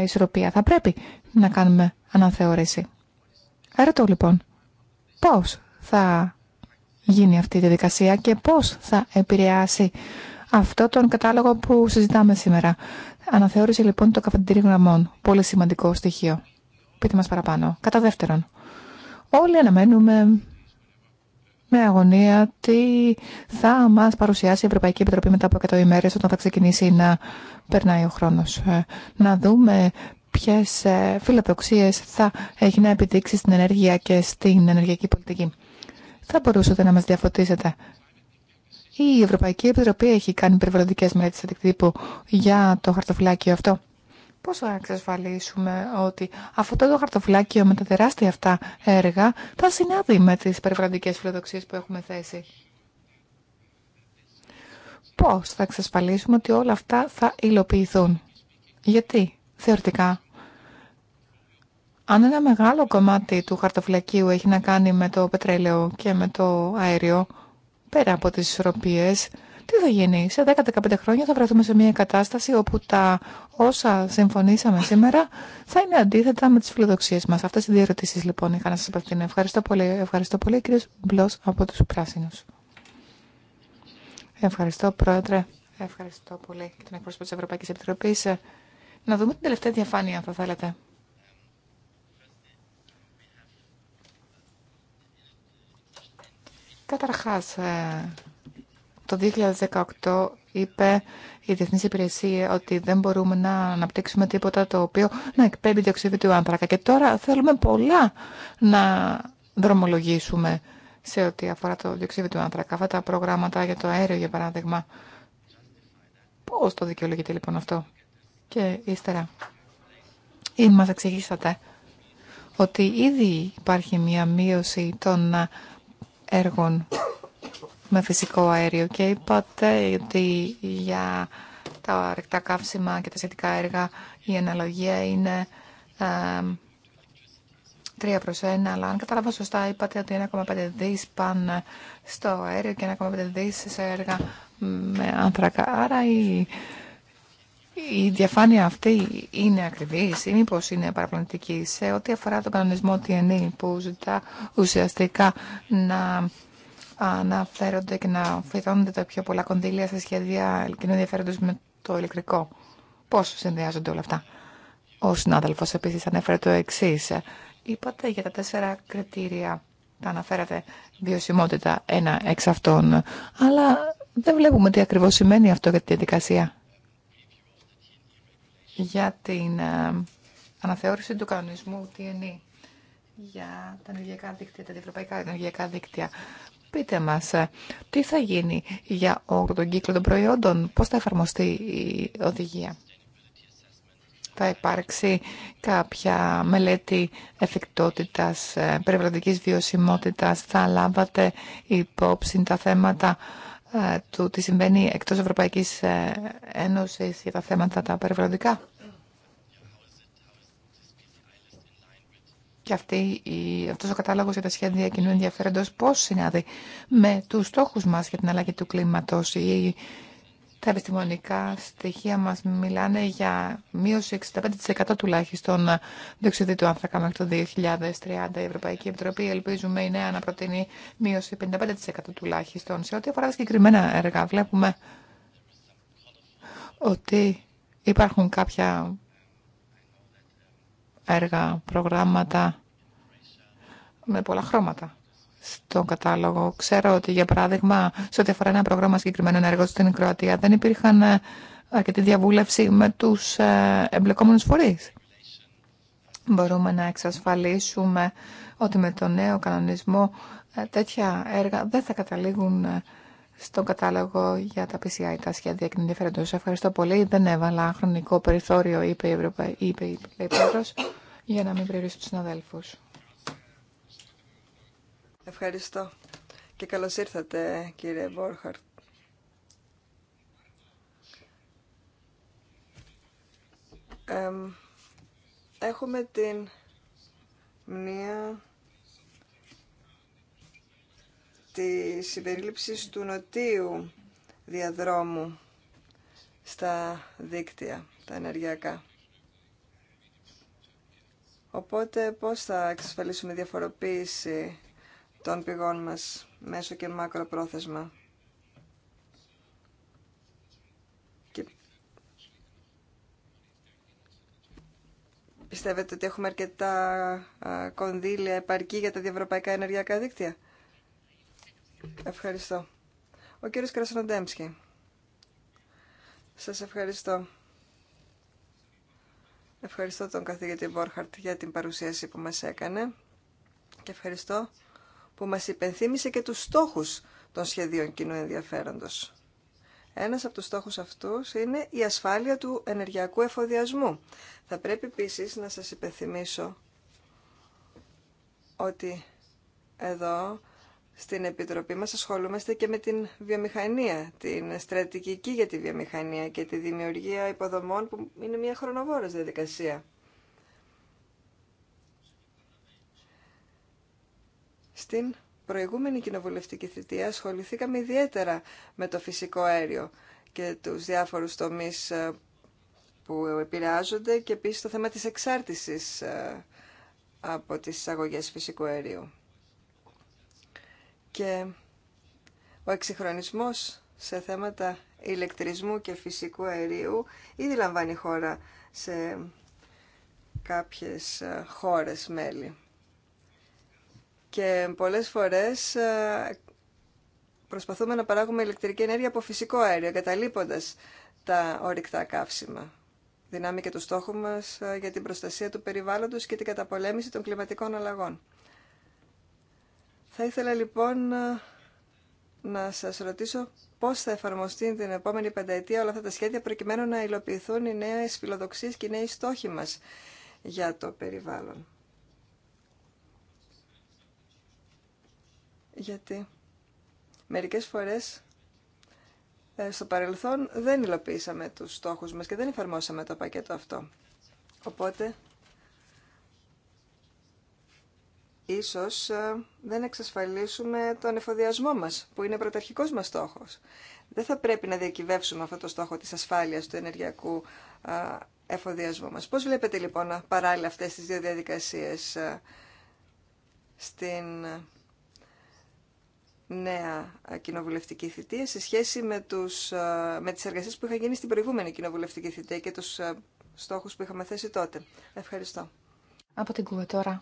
ισορροπία. Θα πρέπει να κάνουμε αναθεώρηση. Ρωτώ λοιπόν, πώς θα γίνει αυτή η διαδικασία και πώς θα επηρεάσει αυτό τον κατάλογο που συζητάμε σήμερα. Αναθεώρησε λοιπόν το καφεντήρι γραμμών. Πολύ σημαντικό στοιχείο. Πείτε μας παραπάνω. Κατά δεύτερον, όλοι αναμένουμε με αγωνία τι θα μας παρουσιάσει η Ευρωπαϊκή Επιτροπή μετά από 100 ημέρες όταν θα ξεκινήσει να περνάει ο χρόνος. Ε, να δούμε ποιες ε, φιλοδοξίες θα έχει να επιδείξει στην ενέργεια και στην ενεργειακή πολιτική. Θα μπορούσατε να μας διαφωτίσετε. Η Ευρωπαϊκή Επιτροπή έχει κάνει περιβαλλοντικές μελέτε αντικτύπου για το χαρτοφυλάκιο αυτό. Πώς θα εξασφαλίσουμε ότι αυτό το χαρτοφυλάκιο με τα τεράστια αυτά έργα θα συνάδει με τι περιβαλλοντικές φιλοδοξίε που έχουμε θέσει. Πώς θα εξασφαλίσουμε ότι όλα αυτά θα υλοποιηθούν. Γιατί θεωρητικά. Αν ένα μεγάλο κομμάτι του χαρτοφυλακίου έχει να κάνει με το πετρέλαιο και με το αέριο, πέρα από τις ισορροπίες, τι θα γίνει. Σε 10-15 χρόνια θα βρεθούμε σε μια κατάσταση όπου τα όσα συμφωνήσαμε σήμερα θα είναι αντίθετα με τις φιλοδοξίες μας. Αυτές οι δύο ερωτήσει λοιπόν είχα να σας απευθύνω. Ευχαριστώ πολύ. Ευχαριστώ πολύ κύριος Μπλος από τους Πράσινους. Ευχαριστώ πρόεδρε. Ευχαριστώ πολύ και τον εκπρόσωπο της Ευρωπαϊκής Επιτροπής. Να δούμε την τελευταία διαφάνεια, αν θα θέλετε. Καταρχάς, ε, το 2018 είπε η Διεθνής Υπηρεσία ότι δεν μπορούμε να αναπτύξουμε τίποτα το οποίο να εκπέμπει του άνθρακα. Και τώρα θέλουμε πολλά να δρομολογήσουμε σε ό,τι αφορά το διοξείδιο του άνθρακα. Αυτά τα προγράμματα για το αέριο, για παράδειγμα. Πώς το δικαιολογείτε, λοιπόν αυτό και ύστερα. Ή μας εξηγήσατε ότι ήδη υπάρχει μία μείωση των ε, έργων με φυσικό αέριο και είπατε ότι για τα ρεκτά καύσιμα και τα σχετικά έργα η αναλογία είναι 3 ε, προς 1, αλλά αν κατάλαβα σωστά είπατε ότι 1,5 δις πάνε στο αέριο και 1,5 δις σε έργα με άνθρακα. Άρα η η διαφάνεια αυτή είναι ακριβή ή μήπω είναι παραπλανητική σε ό,τι αφορά τον κανονισμό TNE που ζητά ουσιαστικά να αναφέρονται και να φυτώνονται τα πιο πολλά κονδύλια σε σχέδια κοινού ενδιαφέροντο με το ηλεκτρικό. Πώ συνδυάζονται όλα αυτά. Ο συνάδελφο επίση ανέφερε το εξή. Είπατε για τα τέσσερα κριτήρια τα αναφέρατε βιωσιμότητα ένα εξ αυτών, αλλά δεν βλέπουμε τι ακριβώς σημαίνει αυτό για τη διαδικασία για την ε, αναθεώρηση του κανονισμού TNE για τα ενεργειακά δίκτυα, τα ευρωπαϊκά ενεργειακά δίκτυα. Πείτε μας, ε, τι θα γίνει για όλο τον κύκλο των προϊόντων, πώς θα εφαρμοστεί η οδηγία. Θα υπάρξει κάποια μελέτη εφικτότητας, ε, περιβαλλοντικής βιωσιμότητας, θα λάβατε υπόψη τα θέματα ε, του τι συμβαίνει εκτός Ευρωπαϊκής ε, Ένωση, για τα θέματα τα περιβαλλοντικά. Και αυτή, η, αυτός ο κατάλογος για τα σχέδια κοινού ενδιαφέροντος πώς συνάδει με τους στόχους μας για την αλλαγή του κλίματος. Η τα επιστημονικά στοιχεία μας μιλάνε για μείωση 65% τουλάχιστον διοξιδίου του άνθρακα μέχρι το 2030. Η Ευρωπαϊκή Επιτροπή ελπίζουμε η νέα να προτείνει μείωση 55% τουλάχιστον. Σε ό,τι αφορά τα συγκεκριμένα έργα βλέπουμε ότι υπάρχουν κάποια έργα, προγράμματα με πολλά χρώματα στον κατάλογο. Ξέρω ότι, για παράδειγμα, σε ό,τι αφορά ένα πρόγραμμα συγκεκριμένων έργων στην Κροατία, δεν υπήρχαν ε, αρκετή διαβούλευση με τους ε, εμπλεκόμενου φορείς. Μπορούμε να εξασφαλίσουμε ότι με τον νέο κανονισμό ε, τέτοια έργα δεν θα καταλήγουν στον κατάλογο για τα PCI, τα σχέδια και ενδιαφέροντο. Ευχαριστώ πολύ. Δεν έβαλα χρονικό περιθώριο, είπε η είπε για να μην περιορίσω του συναδέλφου. Ευχαριστώ και καλώς ήρθατε κύριε Μπόρχαρτ. έχουμε την μνήμα τη συμπερίληψη του νοτίου διαδρόμου στα δίκτυα, τα ενεργειακά. Οπότε πώς θα εξασφαλίσουμε διαφοροποίηση των πηγών μας μέσω και μακροπρόθεσμα. Και πιστεύετε ότι έχουμε αρκετά κονδύλια επαρκή για τα διευρωπαϊκά ενεργειακά δίκτυα. Ευχαριστώ. Ο κύριος Κρασνοντέμψκι. Σας ευχαριστώ. Ευχαριστώ τον καθηγητή Μπόρχαρτ για την παρουσίαση που μας έκανε και ευχαριστώ που μας υπενθύμησε και τους στόχους των σχεδίων κοινού ενδιαφέροντος. Ένας από τους στόχους αυτούς είναι η ασφάλεια του ενεργειακού εφοδιασμού. Θα πρέπει επίσης να σας υπενθυμίσω ότι εδώ στην Επιτροπή μας ασχολούμαστε και με την βιομηχανία, την στρατηγική για τη βιομηχανία και τη δημιουργία υποδομών που είναι μια χρονοβόρος διαδικασία. Στην προηγούμενη κοινοβουλευτική θητεία ασχοληθήκαμε ιδιαίτερα με το φυσικό αέριο και τους διάφορους τομείς ε, που επηρεάζονται και επίσης το θέμα της εξάρτησης ε, από τις εισαγωγές φυσικού αερίου. Και ο εξυγχρονισμός σε θέματα ηλεκτρισμού και φυσικού αερίου ήδη λαμβάνει χώρα σε κάποιες ε, χώρες μέλη. Και πολλές φορές ε, προσπαθούμε να παράγουμε ηλεκτρική ενέργεια από φυσικό αέριο, εγκαταλείποντας τα ορυκτά καύσιμα. Δυνάμει και το στόχο μας ε, για την προστασία του περιβάλλοντος και την καταπολέμηση των κλιματικών αλλαγών. Θα ήθελα λοιπόν ε, να σας ρωτήσω πώς θα εφαρμοστεί την επόμενη πενταετία όλα αυτά τα σχέδια προκειμένου να υλοποιηθούν οι νέες φιλοδοξίες και οι νέοι στόχοι μας για το περιβάλλον. γιατί μερικές φορές ε, στο παρελθόν δεν υλοποιήσαμε τους στόχους μας και δεν εφαρμόσαμε το πακέτο αυτό. Οπότε, ίσως ε, δεν εξασφαλίσουμε τον εφοδιασμό μας, που είναι πρωταρχικός μας στόχος. Δεν θα πρέπει να διακυβεύσουμε αυτό το στόχο της ασφάλειας του ενεργειακού ε, εφοδιασμού μας. Πώς βλέπετε λοιπόν παράλληλα αυτές τις δύο διαδικασίες στην νέα κοινοβουλευτική θητεία σε σχέση με, τους, με τις εργασίες που είχαν γίνει στην προηγούμενη κοινοβουλευτική θητεία και τους στόχους που είχαμε θέσει τότε. Ευχαριστώ. Από την Κούβα τώρα.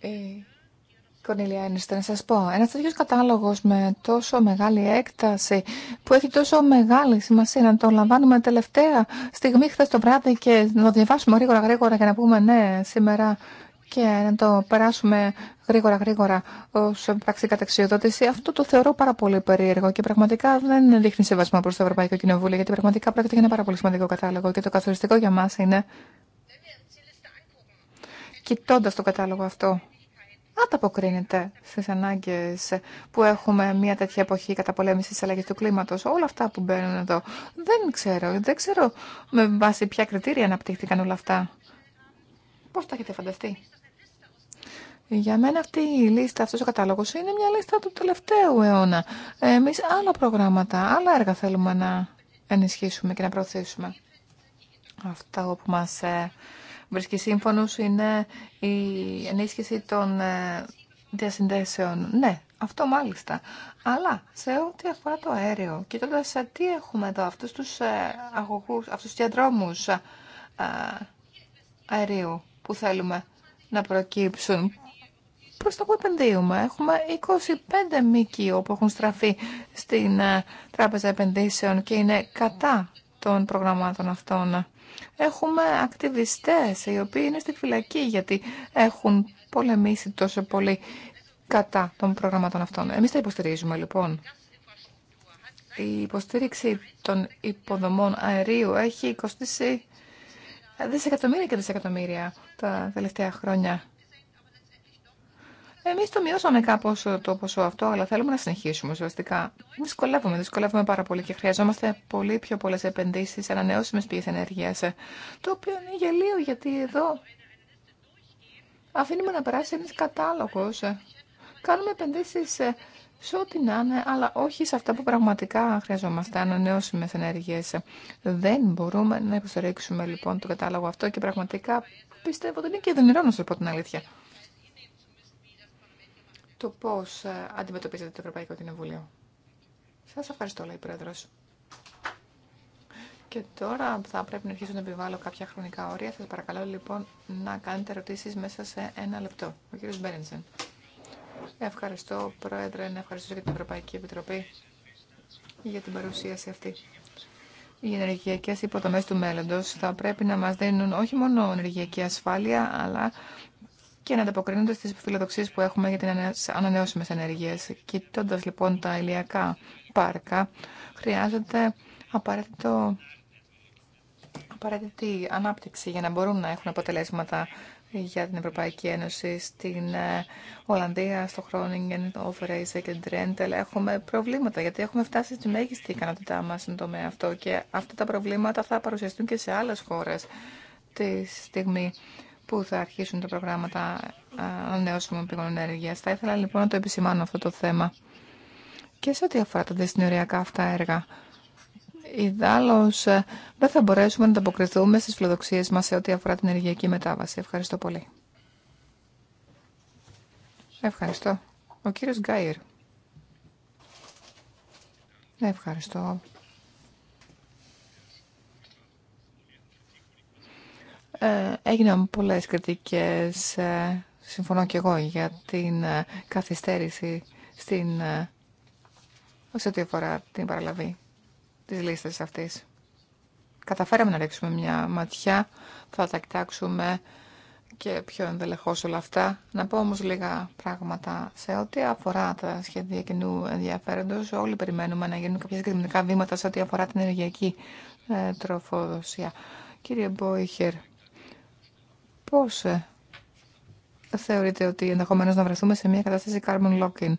Η ε, Κονιλία Ένιστα, να σας πω, ένας τέτοιο κατάλογος με τόσο μεγάλη έκταση που έχει τόσο μεγάλη σημασία να το λαμβάνουμε τελευταία στιγμή χθε το βράδυ και να το διαβάσουμε γρήγορα γρήγορα για να πούμε ναι, σήμερα και να το περάσουμε γρήγορα γρήγορα ως πράξη καταξιοδότηση, αυτό το θεωρώ πάρα πολύ περίεργο και πραγματικά δεν δείχνει σεβασμό προς το Ευρωπαϊκό Κοινοβούλιο, γιατί πραγματικά πρόκειται για ένα πάρα πολύ σημαντικό κατάλογο και το καθοριστικό για μα είναι, κοιτώντα το κατάλογο αυτό, ανταποκρίνεται στι ανάγκε που έχουμε μια τέτοια εποχή κατά πολέμηση τη αλλαγή του κλίματο, Όλα αυτά που μπαίνουν εδώ. Δεν ξέρω, δεν ξέρω με βάση ποια κριτήρια αναπτύχθηκαν όλα αυτά. Πώς τα έχετε φανταστεί. Για μένα αυτή η λίστα, αυτός ο κατάλογος είναι μια λίστα του τελευταίου αιώνα. Εμείς άλλα προγράμματα, άλλα έργα θέλουμε να ενισχύσουμε και να προωθήσουμε. Αυτά που μας ε, βρίσκει σύμφωνος είναι η ενίσχυση των ε, διασυνδέσεων. Ναι, αυτό μάλιστα. Αλλά σε ό,τι αφορά το αέριο, κοιτώντα ε, τι έχουμε εδώ, αυτούς τους αγωγούς, αυτούς τους διαδρόμους αερίου που θέλουμε να προκύψουν. Προ τα που επενδύουμε. Έχουμε 25 ΜΚΟ που έχουν στραφεί στην ε, Τράπεζα Επενδύσεων και είναι κατά των προγραμμάτων αυτών. Έχουμε ακτιβιστές οι οποίοι είναι στη φυλακή γιατί έχουν πολεμήσει τόσο πολύ κατά των προγραμμάτων αυτών. Εμείς τα υποστηρίζουμε λοιπόν. Η υποστήριξη των υποδομών αερίου έχει κοστίσει δισεκατομμύρια και δισεκατομμύρια τα τελευταία χρόνια. Εμεί το μειώσαμε κάπω το ποσό αυτό, αλλά θέλουμε να συνεχίσουμε ουσιαστικά. Δυσκολεύουμε, δυσκολεύουμε πάρα πολύ και χρειαζόμαστε πολύ πιο πολλέ επενδύσει σε ανανεώσιμε πηγέ ενέργεια. Το οποίο είναι γελίο, γιατί εδώ αφήνουμε να περάσει ένα κατάλογο. Κάνουμε επενδύσει σε ό,τι να είναι, αλλά όχι σε αυτά που πραγματικά χρειαζόμαστε, ανανεώσιμε ενέργειε. Δεν μπορούμε να υποστηρίξουμε λοιπόν το κατάλογο αυτό και πραγματικά πιστεύω ότι είναι και να σα πω την αλήθεια το πώς ε, αντιμετωπίζετε το Ευρωπαϊκό Κοινοβούλιο. Σας ευχαριστώ, λέει η Πρόεδρος. Και τώρα θα πρέπει να αρχίσω να επιβάλλω κάποια χρονικά όρια. Σας παρακαλώ λοιπόν να κάνετε ερωτήσεις μέσα σε ένα λεπτό. Ο κύριος Μπέρενσεν. Ευχαριστώ, Πρόεδρε, να ευχαριστήσω και την Ευρωπαϊκή Επιτροπή για την παρουσίαση αυτή. Οι ενεργειακέ υποδομέ του μέλλοντο θα πρέπει να μα δίνουν όχι μόνο ενεργειακή ασφάλεια, αλλά και να ανταποκρίνονται στις φιλοδοξίες που έχουμε για τις ανανεώσιμες ενέργειες. Κοιτώντας λοιπόν τα ηλιακά πάρκα, χρειάζεται απαραίτητο, απαραίτητη ανάπτυξη για να μπορούν να έχουν αποτελέσματα για την Ευρωπαϊκή Ένωση στην ε, Ολλανδία, στο το Φρέιζε και Τρέντελ Έχουμε προβλήματα γιατί έχουμε φτάσει στη μέγιστη ικανότητά μας στον τομέα αυτό και αυτά τα προβλήματα θα παρουσιαστούν και σε άλλες χώρες τη στιγμή που θα αρχίσουν τα προγράμματα ανανεώσιμων πηγών ενέργεια. Θα ήθελα λοιπόν να το επισημάνω αυτό το θέμα. Και σε ό,τι αφορά τα διεστηνωριακά αυτά έργα. Ιδάλω, ε, δεν θα μπορέσουμε να ανταποκριθούμε στι φιλοδοξίε μα σε ό,τι αφορά την ενεργειακή μετάβαση. Ευχαριστώ πολύ. Ευχαριστώ. Ο κύριος Γκάιρ. Ευχαριστώ Ε, έγιναν πολλές κριτικές, ε, συμφωνώ και εγώ, για την ε, καθυστέρηση στην, σε ό,τι αφορά την παραλαβή της λίστας αυτής. Καταφέραμε να ρίξουμε μια ματιά, θα τα κοιτάξουμε και πιο ενδελεχώς όλα αυτά. Να πω όμως λίγα πράγματα σε ό,τι αφορά τα σχέδια κοινού ενδιαφέροντος. Όλοι περιμένουμε να γίνουν κάποια συγκεκριμένα βήματα σε ό,τι αφορά την ενεργειακή τροφοδοσία. Κύριε Μπόιχερ, Πώς ε, θεωρείτε ότι ενδεχομένω να βρεθούμε σε μια κατάσταση carbon locking.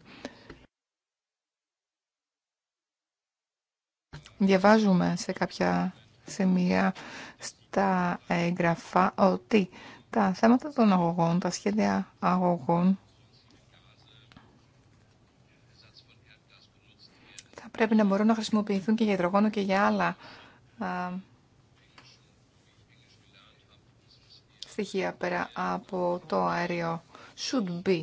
Διαβάζουμε σε κάποια σημεία στα έγγραφα ότι τα θέματα των αγωγών, τα σχέδια αγωγών θα πρέπει να μπορούν να χρησιμοποιηθούν και για υδρογόνο και για άλλα στοιχεία πέρα από το αέριο. Should be,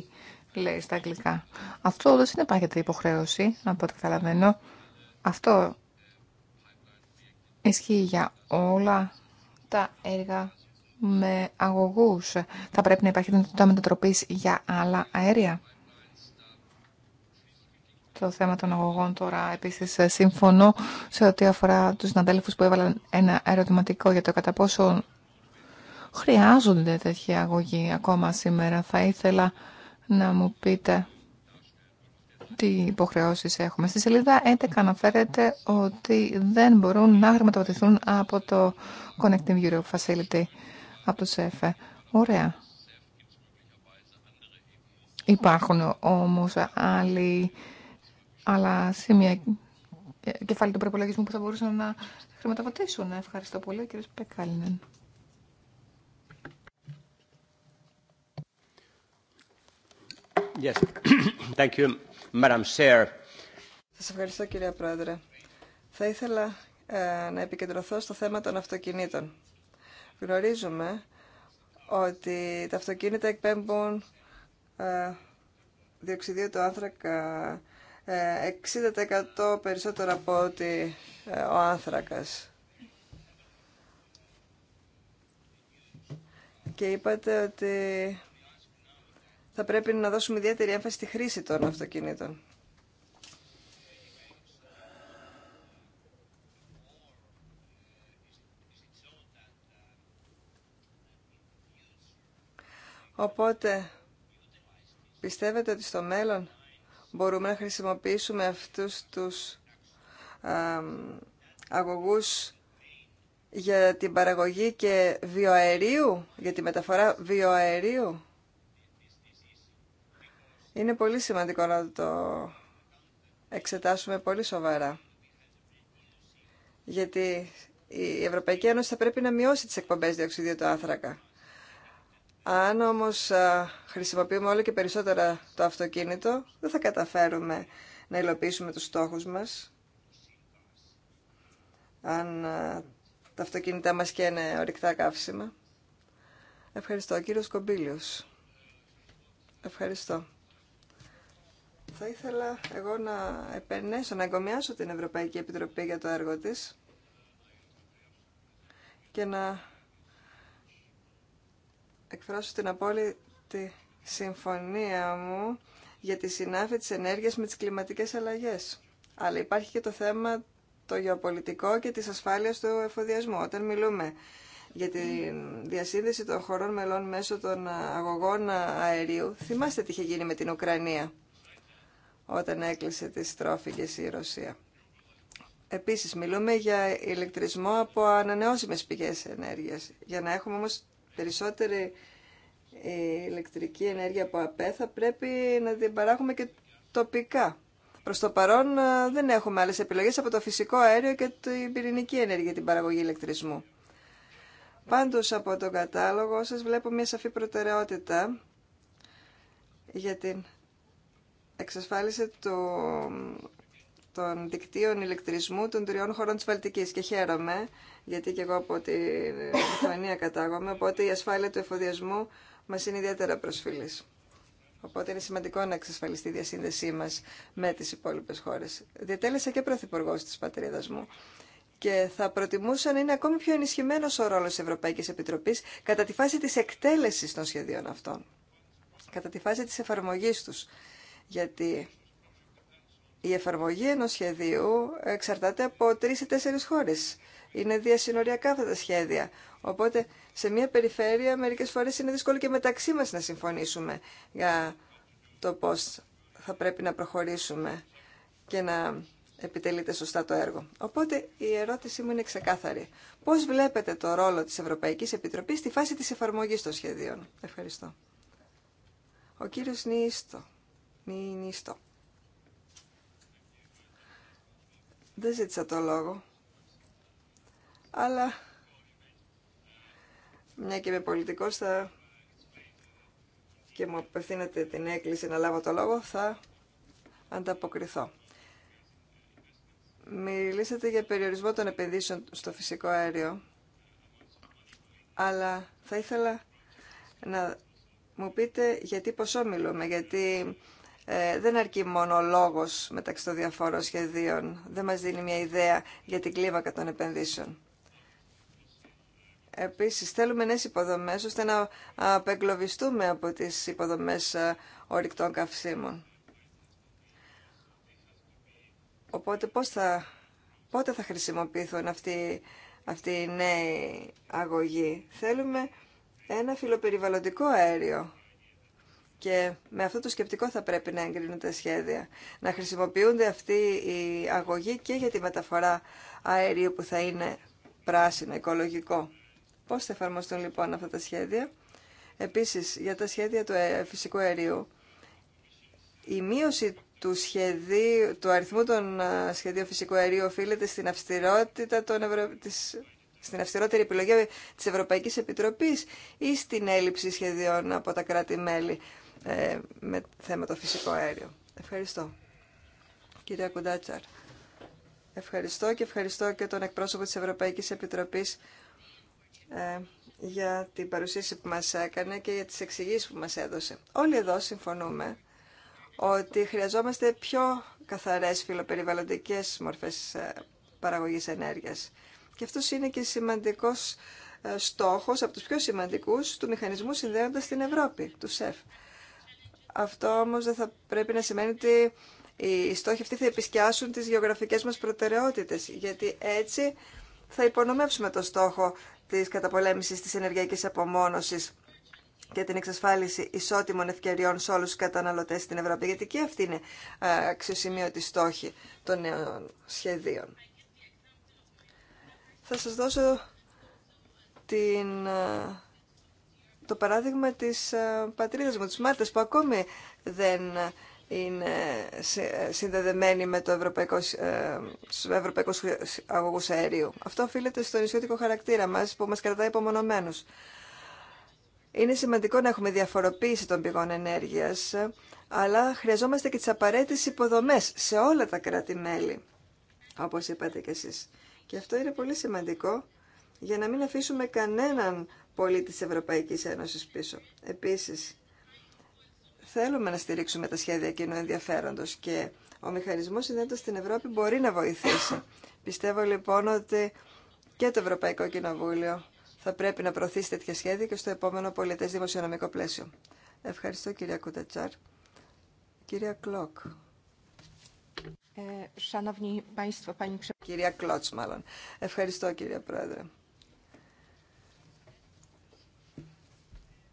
λέει στα αγγλικά. Αυτό δεν είναι υποχρέωση, από ό,τι καταλαβαίνω. Αυτό ισχύει για όλα τα έργα με αγωγούς. Θα πρέπει να υπάρχει δυνατότητα μετατροπή για άλλα αέρια. Το θέμα των αγωγών τώρα επίσης συμφωνώ σε ό,τι αφορά τους συναντέλφου που έβαλαν ένα ερωτηματικό για το κατά πόσο χρειάζονται τέτοια αγωγή ακόμα σήμερα. Θα ήθελα να μου πείτε τι υποχρεώσεις έχουμε. Στη σελίδα 11 αναφέρεται ότι δεν μπορούν να χρηματοδοτηθούν από το Connecting Europe Facility, από το ΣΕΦΕ. Ωραία. Υπάρχουν όμως άλλοι, άλλα σημεία κεφάλαια του προπολογισμού που θα μπορούσαν να χρηματοδοτήσουν. Ευχαριστώ πολύ, κύριε Σπέκαλινεν. Yes. Σας ευχαριστώ κυρία Πρόεδρε. Θα ήθελα ε, να επικεντρωθώ στο θέμα των αυτοκινήτων. Γνωρίζουμε ότι τα αυτοκίνητα εκπέμπουν ε, διοξιδίου του άνθρακα 60% ε, περισσότερο από ότι ε, ο άνθρακας. Και είπατε ότι θα πρέπει να δώσουμε ιδιαίτερη έμφαση στη χρήση των αυτοκινήτων. Οπότε, πιστεύετε ότι στο μέλλον μπορούμε να χρησιμοποιήσουμε αυτούς τους α, αγωγούς για την παραγωγή και βιοαερίου, για τη μεταφορά βιοαερίου. Είναι πολύ σημαντικό να το εξετάσουμε πολύ σοβαρά. Γιατί η Ευρωπαϊκή Ένωση θα πρέπει να μειώσει τις εκπομπές διοξιδίου του άνθρακα. Αν όμως χρησιμοποιούμε όλο και περισσότερα το αυτοκίνητο, δεν θα καταφέρουμε να υλοποιήσουμε τους στόχους μας. Αν τα αυτοκίνητά μας και είναι ορυκτά καύσιμα. Ευχαριστώ. Κύριος Κομπίλιος. Ευχαριστώ. Θα ήθελα εγώ να επενέσω, να εγκομιάσω την Ευρωπαϊκή Επιτροπή για το έργο της και να εκφράσω την απόλυτη συμφωνία μου για τη συνάφεια της ενέργειας με τις κλιματικές αλλαγές. Αλλά υπάρχει και το θέμα το γεωπολιτικό και της ασφάλειας του εφοδιασμού. Όταν μιλούμε για τη διασύνδεση των χωρών μελών μέσω των αγωγών αερίου, θυμάστε τι είχε γίνει με την Ουκρανία όταν έκλεισε τις τρόφιγες η Ρωσία. Επίσης, μιλούμε για ηλεκτρισμό από ανανεώσιμες πηγές ενέργειας. Για να έχουμε όμως περισσότερη ηλεκτρική ενέργεια από ΑΠΕ, θα πρέπει να την παράγουμε και τοπικά. Προς το παρόν ε, δεν έχουμε άλλες επιλογές από το φυσικό αέριο και την πυρηνική ενέργεια για την παραγωγή ηλεκτρισμού. Πάντως από τον κατάλογο σας βλέπω μια σαφή προτεραιότητα για την εξασφάλισε το, των δικτύων ηλεκτρισμού των τριών χωρών της Βαλτικής και χαίρομαι γιατί και εγώ από τη Λιθουανία κατάγομαι οπότε η ασφάλεια του εφοδιασμού μας είναι ιδιαίτερα προσφυλής. Οπότε είναι σημαντικό να εξασφαλιστεί η διασύνδεσή μα με τι υπόλοιπε χώρε. Διατέλεσα και πρωθυπουργό τη πατρίδα μου και θα προτιμούσα να είναι ακόμη πιο ενισχυμένο ο ρόλο τη Ευρωπαϊκή Επιτροπή κατά τη φάση τη εκτέλεση των σχεδίων αυτών, κατά τη φάση τη εφαρμογή του γιατί η εφαρμογή ενός σχεδίου εξαρτάται από τρεις ή τέσσερις χώρες. Είναι διασυνοριακά αυτά τα σχέδια. Οπότε σε μια περιφέρεια μερικές φορές είναι δύσκολο και μεταξύ μας να συμφωνήσουμε για το πώς θα πρέπει να προχωρήσουμε και να επιτελείται σωστά το έργο. Οπότε η ερώτησή μου είναι ξεκάθαρη. Πώς βλέπετε το ρόλο της Ευρωπαϊκής Επιτροπής στη φάση της εφαρμογής των σχεδίων. Ευχαριστώ. Ο κύριος Νίστο. Δεν ζήτησα το λόγο. Αλλά μια και με πολιτικό θα... και μου απευθύνεται την έκκληση να λάβω το λόγο, θα ανταποκριθώ. Μιλήσατε για περιορισμό των επενδύσεων στο φυσικό αέριο, αλλά θα ήθελα να μου πείτε γιατί ποσό μιλούμε, γιατί ε, δεν αρκεί μόνο ο λόγος μεταξύ των διαφόρων σχεδίων. Δεν μας δίνει μια ιδέα για την κλίμακα των επενδύσεων. Επίσης, θέλουμε νέες υποδομές ώστε να απεγκλωβιστούμε από τις υποδομές ε, ορυκτών καυσίμων. Οπότε, πώς θα, πότε θα χρησιμοποιηθούν αυτή αυτοί οι νέοι αγωγοί. Θέλουμε ένα φιλοπεριβαλλοντικό αέριο και με αυτό το σκεπτικό θα πρέπει να εγκρίνουν τα σχέδια. Να χρησιμοποιούνται αυτή η αγωγή και για τη μεταφορά αερίου που θα είναι πράσινο, οικολογικό. Πώς θα εφαρμοστούν λοιπόν αυτά τα σχέδια. Επίσης, για τα σχέδια του φυσικού αερίου, η μείωση του, σχεδίου, του αριθμού των σχεδίων φυσικού αερίου οφείλεται στην, αυστηρότητα των της... στην αυστηρότερη επιλογή της Ευρωπαϊκής Επιτροπής ή στην έλλειψη σχεδίων από τα κράτη-μέλη ε, με θέμα το φυσικό αέριο. Ευχαριστώ. Κυρία Κουντάτσαρ, ευχαριστώ και ευχαριστώ και τον εκπρόσωπο της Ευρωπαϊκής Επιτροπής ε, για την παρουσίαση που μας έκανε και για τις εξηγήσεις που μας έδωσε. Όλοι εδώ συμφωνούμε ότι χρειαζόμαστε πιο καθαρές φιλοπεριβαλλοντικές μορφές ε, παραγωγής ενέργειας. Και αυτός είναι και σημαντικός ε, στόχος, από τους πιο σημαντικούς, του Μηχανισμού Συνδέοντας στην Ευρώπη, του ΣΕΦ. Αυτό όμως δεν θα πρέπει να σημαίνει ότι οι στόχοι αυτοί θα επισκιάσουν τις γεωγραφικές μας προτεραιότητες, γιατί έτσι θα υπονομεύσουμε το στόχο της καταπολέμησης της ενεργειακής απομόνωσης και την εξασφάλιση ισότιμων ευκαιριών σε όλου του καταναλωτές στην Ευρώπη, γιατί και αυτή είναι αξιοσημείωτη στόχη των νέων σχεδίων. Θα σας δώσω την το παράδειγμα της ε, πατρίδας μου, της Μάρτας, που ακόμη δεν είναι συνδεδεμένη με το ευρωπαϊκό, ε, αερίου. Αυτό οφείλεται στον ισιωτικό χαρακτήρα μας που μας κρατάει υπομονωμένους. Είναι σημαντικό να έχουμε διαφοροποίηση των πηγών ενέργειας, αλλά χρειαζόμαστε και τις απαραίτητες υποδομές σε όλα τα κράτη-μέλη, όπως είπατε κι εσείς. Και αυτό είναι πολύ σημαντικό για να μην αφήσουμε κανέναν πολύ της Ευρωπαϊκής Ένωσης πίσω. Επίσης, θέλουμε να στηρίξουμε τα σχέδια κοινού ενδιαφέροντος και ο μηχανισμός συνέντας στην Ευρώπη μπορεί να βοηθήσει. Πιστεύω λοιπόν ότι και το Ευρωπαϊκό Κοινοβούλιο θα πρέπει να προωθήσει τέτοια σχέδια και στο επόμενο πολιτές δημοσιονομικό πλαίσιο. Ευχαριστώ κυρία Κουτατσάρ. Κυρία Κλόκ. Ε, κυρία Κλότς μάλλον. Ευχαριστώ κυρία Πρόεδρε.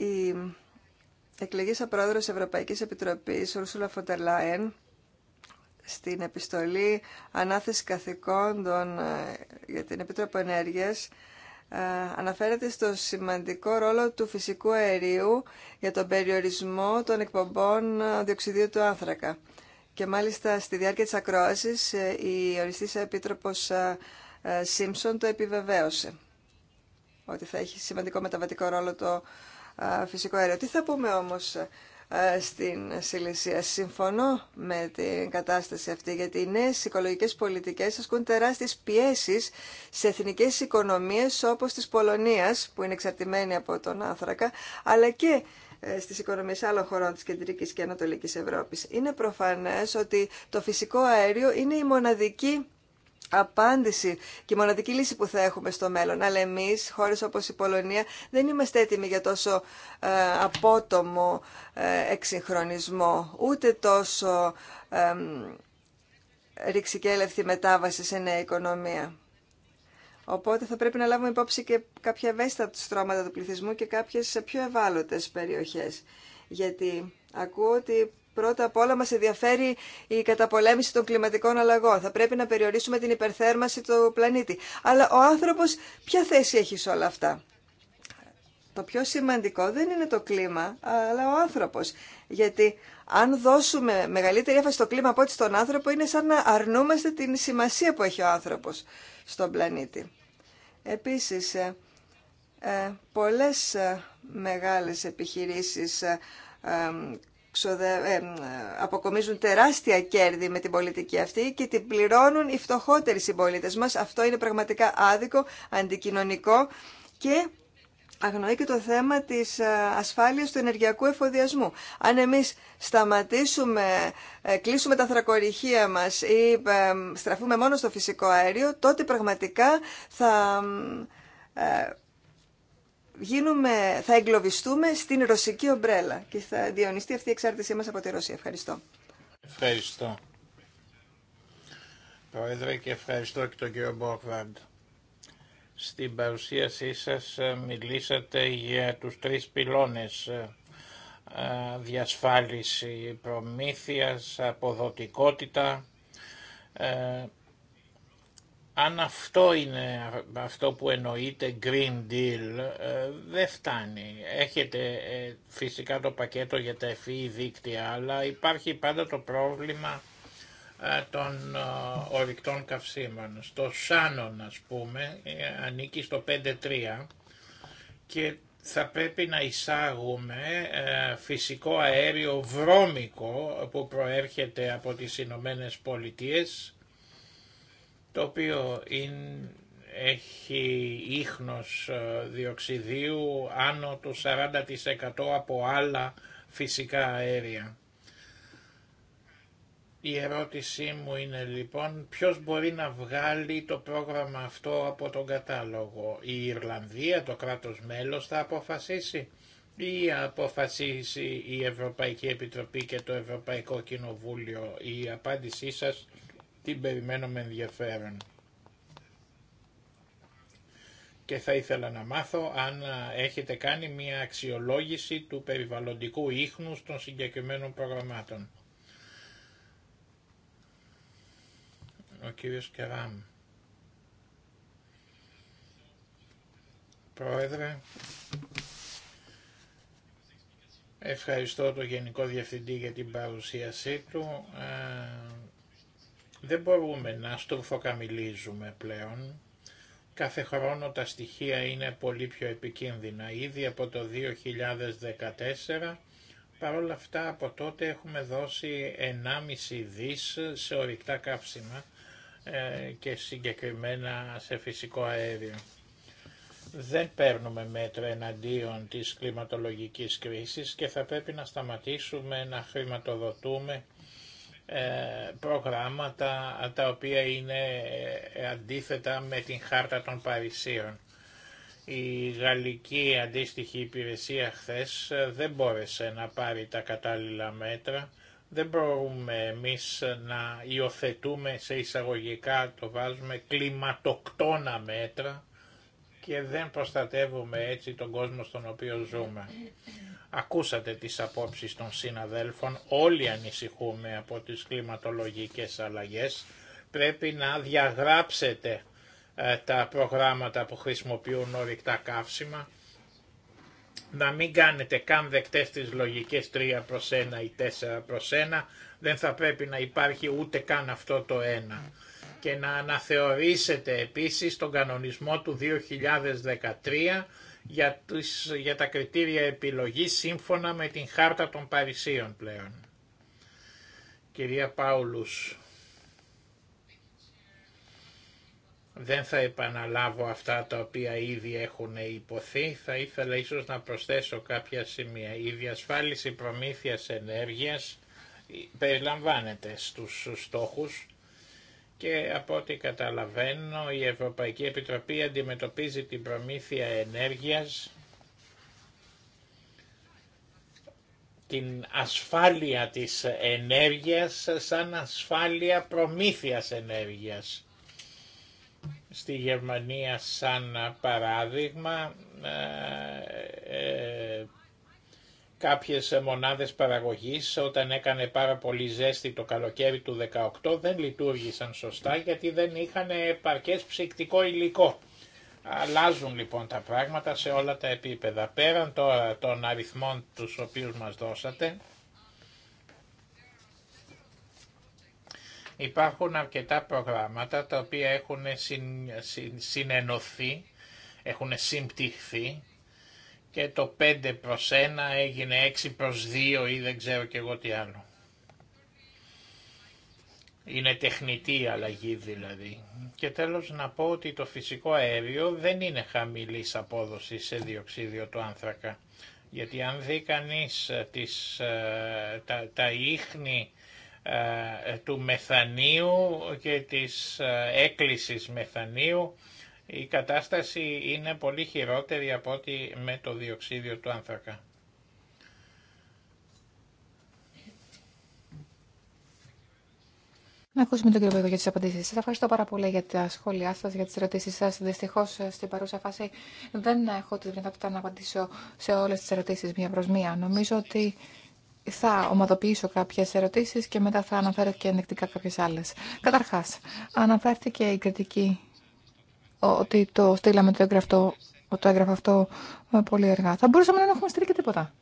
η σαν πρόεδρος Ευρωπαϊκής Επιτροπής, Ursula von der Leyen, στην επιστολή ανάθεση καθηκόντων ε, για την Επίτροπο Ενέργειας, ε, αναφέρεται στο σημαντικό ρόλο του φυσικού αερίου για τον περιορισμό των εκπομπών ε, διοξιδίου του άνθρακα. Και μάλιστα στη διάρκεια της ακρόασης η οριστής Επίτροπος Σίμψον το επιβεβαίωσε ότι θα έχει σημαντικό μεταβατικό ρόλο το φυσικό αέριο. Τι θα πούμε όμως στην Συλλησία. Συμφωνώ με την κατάσταση αυτή, γιατί οι νέες οικολογικές πολιτικές ασκούν τεράστιες πιέσεις σε εθνικές οικονομίες όπως της Πολωνίας, που είναι εξαρτημένη από τον άνθρακα, αλλά και ε, στις οικονομίες άλλων χωρών της Κεντρικής και Ανατολικής Ευρώπης. Είναι προφανές ότι το φυσικό αέριο είναι η μοναδική απάντηση και μοναδική λύση που θα έχουμε στο μέλλον. Αλλά εμείς, χώρες όπως η Πολωνία, δεν είμαστε έτοιμοι για τόσο ε, απότομο ε, εξυγχρονισμό, ούτε τόσο ε, μετάβαση σε νέα οικονομία. Οπότε θα πρέπει να λάβουμε υπόψη και κάποια ευαίσθητα στρώματα του πληθυσμού και κάποιες πιο ευάλωτες περιοχές. Γιατί ακούω ότι πρώτα απ' όλα μας ενδιαφέρει η καταπολέμηση των κλιματικών αλλαγών. Θα πρέπει να περιορίσουμε την υπερθέρμανση του πλανήτη. Αλλά ο άνθρωπος ποια θέση έχει σε όλα αυτά. Το πιο σημαντικό δεν είναι το κλίμα, αλλά ο άνθρωπος. Γιατί αν δώσουμε μεγαλύτερη έφαση στο κλίμα από ό,τι στον άνθρωπο, είναι σαν να αρνούμαστε την σημασία που έχει ο άνθρωπος στον πλανήτη. Επίσης, ε, ε, πολλές ε, μεγάλες επιχειρήσεις ε, αποκομίζουν τεράστια κέρδη με την πολιτική αυτή και την πληρώνουν οι φτωχότεροι συμπολίτε μας. Αυτό είναι πραγματικά άδικο, αντικοινωνικό και αγνοεί και το θέμα της ε, ασφάλειας του ενεργειακού εφοδιασμού. Αν εμείς σταματήσουμε, ε, κλείσουμε τα θρακοριχεία μας ή στραφούμε μόνο στο φυσικό αέριο, τότε πραγματικά θα γίνουμε, θα εγκλωβιστούμε στην ρωσική ομπρέλα και θα διονυστεί αυτή η εξάρτησή μας από τη Ρωσία. Ευχαριστώ. Ευχαριστώ. Πρόεδρε και ευχαριστώ και τον κύριο Μπόχβαντ. Στην παρουσίασή σας ε, μιλήσατε για τους τρεις πυλώνες ε, ε, διασφάλιση προμήθειας, αποδοτικότητα αν αυτό είναι αυτό που εννοείται Green Deal, ε, δεν φτάνει. Έχετε ε, φυσικά το πακέτο για τα ΕΦΗ e δίκτυα, αλλά υπάρχει πάντα το πρόβλημα ε, των ορυκτών καυσίμων. Στο Σάνον, ας πούμε, ανήκει στο 5-3 και θα πρέπει να εισάγουμε φυσικό αέριο βρώμικο που προέρχεται από τις Ηνωμένε Πολιτείες το οποίο έχει ίχνος ε, διοξιδίου άνω του 40% από άλλα φυσικά αέρια. Η ερώτησή μου είναι λοιπόν ποιος μπορεί να βγάλει το πρόγραμμα αυτό από τον κατάλογο. Η Ιρλανδία, το κράτος μέλος θα αποφασίσει ή αποφασίσει η Ευρωπαϊκή Επιτροπή και το Ευρωπαϊκό Κοινοβούλιο. Η απάντησή σας τι περιμένω με ενδιαφέρον. Και θα ήθελα να μάθω αν έχετε κάνει μια αξιολόγηση του περιβαλλοντικού ίχνους των συγκεκριμένων προγραμμάτων. Ο κύριος Κεράμ. Πρόεδρε, ευχαριστώ τον Γενικό Διευθυντή για την παρουσίασή του. Δεν μπορούμε να στουρφοκαμιλίζουμε πλέον. Κάθε χρόνο τα στοιχεία είναι πολύ πιο επικίνδυνα. Ήδη από το 2014, παρόλα αυτά από τότε έχουμε δώσει 1,5 δις σε ορυκτά καύσιμα ε, και συγκεκριμένα σε φυσικό αέριο. Δεν παίρνουμε μέτρα εναντίον της κλιματολογικής κρίσης και θα πρέπει να σταματήσουμε να χρηματοδοτούμε ε, προγράμματα τα οποία είναι ε, αντίθετα με την χάρτα των Παρισίων. Η γαλλική αντίστοιχη υπηρεσία χθες ε, δεν μπόρεσε να πάρει τα κατάλληλα μέτρα. Δεν μπορούμε εμείς να υιοθετούμε σε εισαγωγικά, το βάζουμε, κλιματοκτόνα μέτρα και δεν προστατεύουμε έτσι τον κόσμο στον οποίο ζούμε. Ακούσατε τις απόψεις των συναδέλφων, όλοι ανησυχούμε από τις κλιματολογικές αλλαγές. Πρέπει να διαγράψετε ε, τα προγράμματα που χρησιμοποιούν ορυκτά καύσιμα, να μην κάνετε καν δεκτές τις λογικές 3 προς 1 ή 4 προς 1, δεν θα πρέπει να υπάρχει ούτε καν αυτό το 1. Και να αναθεωρήσετε επίσης τον κανονισμό του 2013 για, για τα κριτήρια επιλογής σύμφωνα με την Χάρτα των Παρισίων πλέον. Κυρία Πάουλους, δεν θα επαναλάβω αυτά τα οποία ήδη έχουν υποθεί, θα ήθελα ίσως να προσθέσω κάποια σημεία. Η διασφάλιση προμήθειας ενέργειας περιλαμβάνεται στους στόχους και από ό,τι καταλαβαίνω η Ευρωπαϊκή Επιτροπή αντιμετωπίζει την προμήθεια ενέργειας, την ασφάλεια της ενέργειας σαν ασφάλεια προμήθειας ενέργειας. Στη Γερμανία σαν παράδειγμα ε, ε, Κάποιες ε, μονάδες παραγωγής όταν έκανε πάρα πολύ ζέστη το καλοκαίρι του 18 δεν λειτουργήσαν σωστά γιατί δεν είχαν επαρκές ψυκτικό υλικό. Αλλάζουν λοιπόν τα πράγματα σε όλα τα επίπεδα. Πέραν τώρα των αριθμών τους οποίους μας δώσατε, υπάρχουν αρκετά προγράμματα τα οποία έχουν συν, συνενωθεί, έχουν συμπτυχθεί και το 5 προς 1 έγινε 6 προς 2 ή δεν ξέρω και εγώ τι άλλο. Είναι τεχνητή η αλλαγή δηλαδή. Και τέλος να πω ότι το φυσικό αέριο δεν είναι χαμηλής απόδοσης σε διοξίδιο του άνθρακα. Γιατί αν δει κανείς ε, τις, ε, τα, τα ίχνη ε, του μεθανίου και της έκκλησης μεθανίου, η κατάσταση είναι πολύ χειρότερη από ότι με το διοξίδιο του άνθρακα. Να ακούσουμε τον κύριο Βέγκο για τι απαντήσει σα. Ευχαριστώ πάρα πολύ για τα σχόλιά σα, για τι ερωτήσει σα. Δυστυχώ ε, στην παρούσα φάση δεν έχω τη δυνατότητα να απαντήσω σε όλε τι ερωτήσει μία προ μία. Νομίζω ότι θα ομαδοποιήσω κάποιε ερωτήσει και μετά θα αναφέρω και ενδεικτικά κάποιε άλλε. Καταρχά, αναφέρθηκε η κριτική ότι το στείλαμε το έγγραφο, το έγγραφο αυτό ε, πολύ αργά. Θα μπορούσαμε να έχουμε στείλει και τίποτα.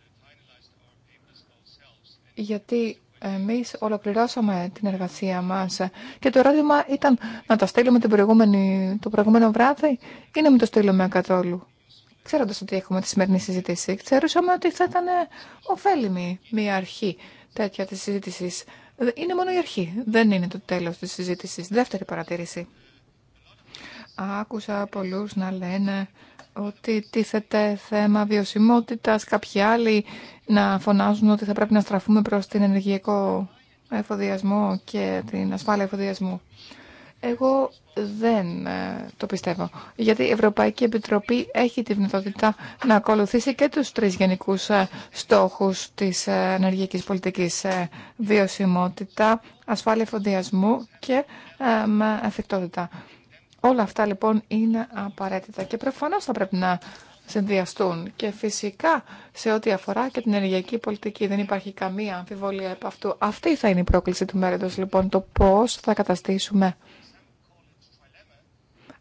Γιατί εμείς ολοκληρώσαμε την εργασία μας και το ερώτημα ήταν να το στείλουμε την προηγούμενη, το προηγούμενο βράδυ ή να μην το στείλουμε καθόλου. Ξέροντα ότι έχουμε τη σημερινή συζήτηση, ξέρουσαμε ότι θα ήταν ωφέλιμη μια αρχή τέτοια τη συζήτηση. Είναι μόνο η αρχή, δεν είναι το τέλος της συζήτησης. Δεύτερη παρατήρηση. Άκουσα πολλούς να λένε ότι τίθεται θέμα βιωσιμότητας, κάποιοι άλλοι να φωνάζουν ότι θα πρέπει να στραφούμε προς την ενεργειακό εφοδιασμό και την ασφάλεια εφοδιασμού. Εγώ δεν ε, το πιστεύω, γιατί η Ευρωπαϊκή Επιτροπή έχει τη δυνατότητα να ακολουθήσει και τους τρεις γενικούς ε, στόχους της ε, ενεργειακής πολιτικής βιωσιμότητα, ασφάλεια εφοδιασμού και εφικτότητα. Όλα αυτά λοιπόν είναι απαραίτητα και προφανώς θα πρέπει να συνδυαστούν και φυσικά σε ό,τι αφορά και την ενεργειακή πολιτική δεν υπάρχει καμία αμφιβολία επ' αυτού. Αυτή θα είναι η πρόκληση του μέλλοντος λοιπόν το πώς θα καταστήσουμε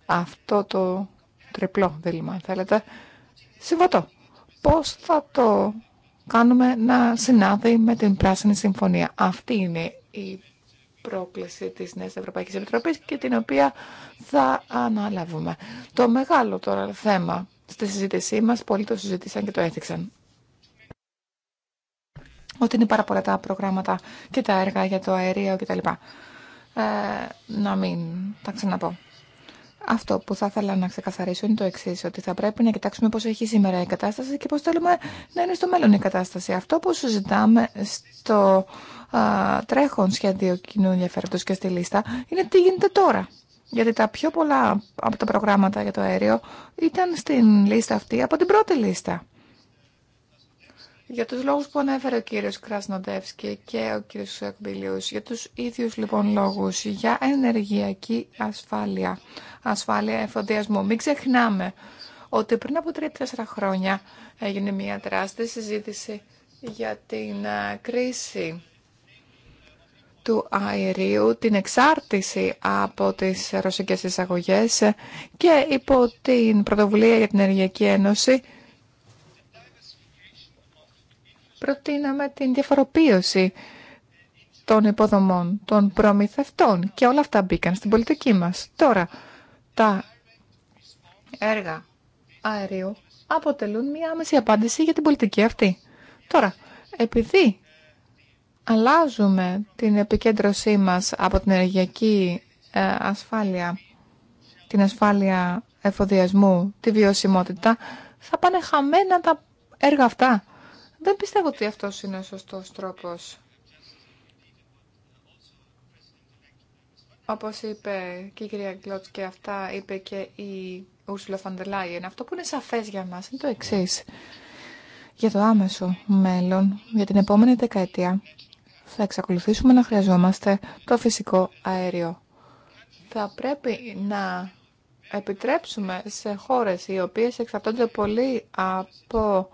αυτό το τριπλό δίλημα αν θέλετε συμβατό. Πώς θα το κάνουμε να συνάδει με την Πράσινη Συμφωνία. Αυτή είναι η πρόκληση της Νέας Ευρωπαϊκής Επιτροπής και την οποία θα αναλάβουμε. Το μεγάλο τώρα θέμα στη συζήτησή μας, πολλοί το συζήτησαν και το έθιξαν, ότι είναι πάρα πολλά τα προγράμματα και τα έργα για το αερίο κτλ. Ε, να μην τα ξαναπώ. Αυτό που θα ήθελα να ξεκαθαρίσω είναι το εξή, ότι θα πρέπει να κοιτάξουμε πώ έχει σήμερα η κατάσταση και πώ θέλουμε να είναι στο μέλλον η κατάσταση. Αυτό που συζητάμε στο α, τρέχον σχέδιο κοινού ενδιαφέροντο και στη λίστα είναι τι γίνεται τώρα. Γιατί τα πιο πολλά από τα προγράμματα για το αέριο ήταν στην λίστα αυτή από την πρώτη λίστα. Για τους λόγους που ανέφερε ο κύριος Κρασνοντεύσκη και ο κύριος Εκμπηλίους, για τους ίδιους λοιπόν λόγους, για ενεργειακή ασφάλεια, ασφάλεια εφοδιασμού. Μην ξεχνάμε ότι πριν από τρία-τέσσερα χρόνια έγινε μια τεράστια συζήτηση για την ε, κρίση του αερίου, την εξάρτηση από τις ρωσικές εισαγωγές και υπό την πρωτοβουλία για την Ενεργειακή Ένωση προτείναμε την διαφοροποίηση των υποδομών, των προμηθευτών και όλα αυτά μπήκαν στην πολιτική μας. Τώρα, τα έργα αερίου αποτελούν μία άμεση απάντηση για την πολιτική αυτή. Τώρα, επειδή αλλάζουμε την επικέντρωσή μας από την ενεργειακή ε, ασφάλεια, την ασφάλεια εφοδιασμού, τη βιωσιμότητα, θα πάνε χαμένα τα έργα αυτά. Δεν πιστεύω ότι αυτός είναι ο σωστός τρόπος. Όπως είπε και η κυρία και αυτά είπε και η Ούρσουλα Φαντελάιεν, αυτό που είναι σαφές για μας είναι το εξή. Για το άμεσο μέλλον, για την επόμενη δεκαετία, θα εξακολουθήσουμε να χρειαζόμαστε το φυσικό αέριο. Θα πρέπει να επιτρέψουμε σε χώρες οι οποίες εξαρτώνται πολύ από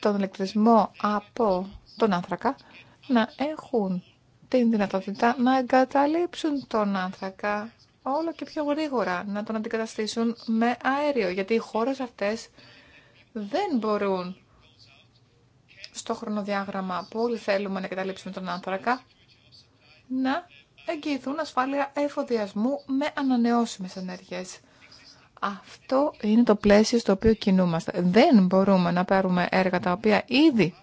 τον ηλεκτρισμό από τον άνθρακα να έχουν την δυνατότητα να εγκαταλείψουν τον άνθρακα όλο και πιο γρήγορα, να τον αντικαταστήσουν με αέριο, γιατί οι χώρες αυτές δεν μπορούν στο χρονοδιάγραμμα που όλοι θέλουμε να εγκαταλείψουμε τον άνθρακα να εγγυηθούν ασφάλεια εφοδιασμού με ανανεώσιμες ενέργειες. Αυτό είναι το πλαίσιο στο οποίο κινούμαστε. Δεν μπορούμε να παίρνουμε έργα τα οποία ήδη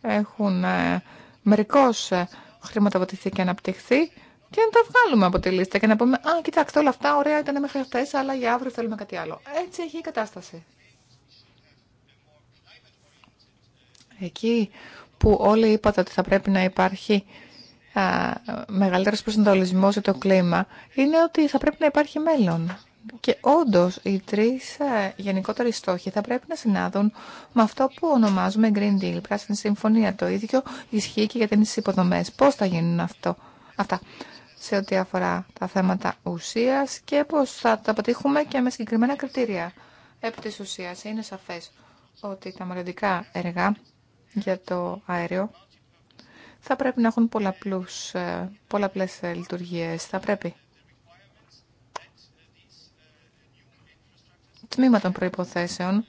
έχουν ε, μερικώς ε, χρηματοδοτηθεί και αναπτυχθεί και να τα βγάλουμε από τη λίστα και να πούμε «Α, κοιτάξτε, όλα αυτά ωραία ήταν μέχρι χθε, αλλά για αύριο θέλουμε κάτι άλλο». Έτσι έχει η κατάσταση. Εκεί που όλοι είπατε ότι θα πρέπει να υπάρχει ε, μεγαλύτερος προσανατολισμός για το κλίμα, είναι ότι θα πρέπει να υπάρχει μέλλον. Και όντω οι τρει ε, γενικότεροι στόχοι θα πρέπει να συνάδουν με αυτό που ονομάζουμε Green Deal, Πράσινη Συμφωνία. Το ίδιο ισχύει και για τι υποδομέ. Πώ θα γίνουν αυτό, αυτά σε ό,τι αφορά τα θέματα ουσία και πώ θα τα πετύχουμε και με συγκεκριμένα κριτήρια. Επί τη ουσία είναι σαφέ ότι τα μελλοντικά έργα για το αέριο θα πρέπει να έχουν ε, πολλαπλές ε, λειτουργίες. Θα πρέπει τμήμα των προϋποθέσεων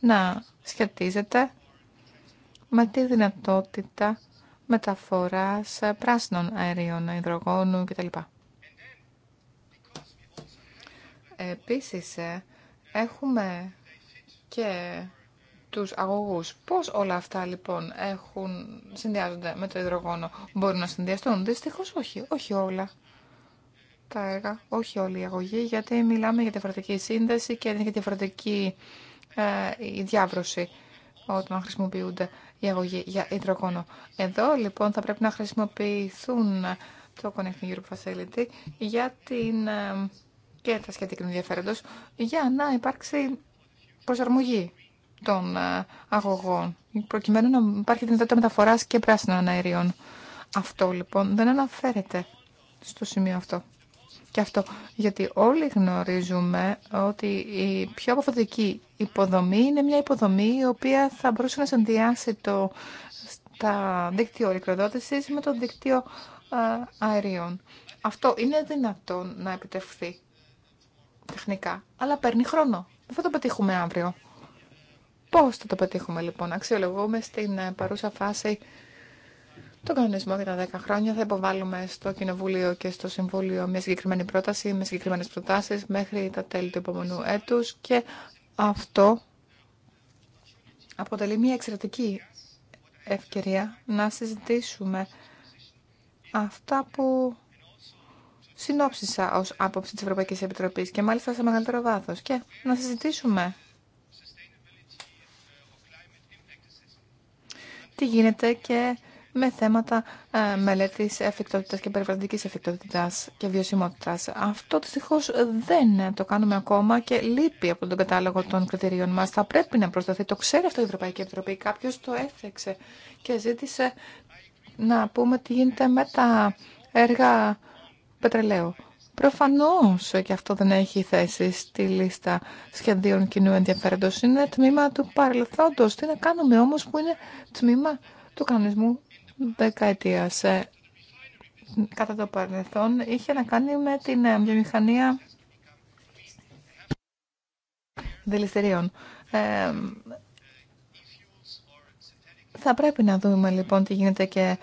να σχετίζεται με τη δυνατότητα μεταφοράς πράσινων αερίων, υδρογόνου κτλ. Επίσης, ε, έχουμε και τους αγωγούς. Πώς όλα αυτά λοιπόν έχουν, συνδυάζονται με το υδρογόνο. Μπορούν να συνδυαστούν. Δυστυχώς όχι. Όχι όλα όχι όλη η αγωγή, γιατί μιλάμε για διαφορετική σύνδεση και για διαφορετική ε, διάβρωση όταν χρησιμοποιούνται οι αγωγοί για υδρογόνο. Εδώ λοιπόν θα πρέπει να χρησιμοποιηθούν το Connecting Europe Facility για την, ε, και τα σχετικά ενδιαφέροντος για να υπάρξει προσαρμογή των ε, αγωγών προκειμένου να υπάρχει την δυνατότητα μεταφοράς και πράσινων αερίων. Αυτό λοιπόν δεν αναφέρεται στο σημείο αυτό. Και αυτό γιατί όλοι γνωρίζουμε ότι η πιο αποφατική υποδομή είναι μια υποδομή η οποία θα μπορούσε να συνδυάσει το τα δίκτυο ηλεκτροδότησης με το δίκτυο αερίων. Αυτό είναι δυνατό να επιτευχθεί τεχνικά, αλλά παίρνει χρόνο. Δεν θα το πετύχουμε αύριο. Πώς θα το πετύχουμε λοιπόν, αξιολογούμε στην ε, παρούσα φάση το κανονισμό για τα 10 χρόνια θα υποβάλουμε στο Κοινοβούλιο και στο Συμβούλιο μια συγκεκριμένη πρόταση με συγκεκριμένε προτάσεις μέχρι τα τέλη του επόμενου έτους και αυτό αποτελεί μια εξαιρετική ευκαιρία να συζητήσουμε αυτά που συνόψισα ως άποψη της Ευρωπαϊκής Επιτροπής και μάλιστα σε μεγαλύτερο βάθος και να συζητήσουμε τι γίνεται και με θέματα ε, μελέτης εφικτότητας και περιβαλλοντικής εφικτότητας και βιωσιμότητας. Αυτό δυστυχώ δεν το κάνουμε ακόμα και λείπει από τον κατάλογο των κριτηρίων μας. Θα πρέπει να προσταθεί, το ξέρει αυτό η Ευρωπαϊκή Επιτροπή, κάποιο το έφτιαξε και ζήτησε να πούμε τι γίνεται με τα έργα πετρελαίου. Προφανώ και αυτό δεν έχει θέση στη λίστα σχεδίων κοινού ενδιαφέροντος. Είναι τμήμα του παρελθόντος. Τι να κάνουμε όμως που είναι τμήμα του κανονισμού δεκαετίας ε, κατά το παρελθόν είχε να κάνει με την ε, βιομηχανία δηληστηρίων. Ε, θα πρέπει να δούμε λοιπόν τι γίνεται και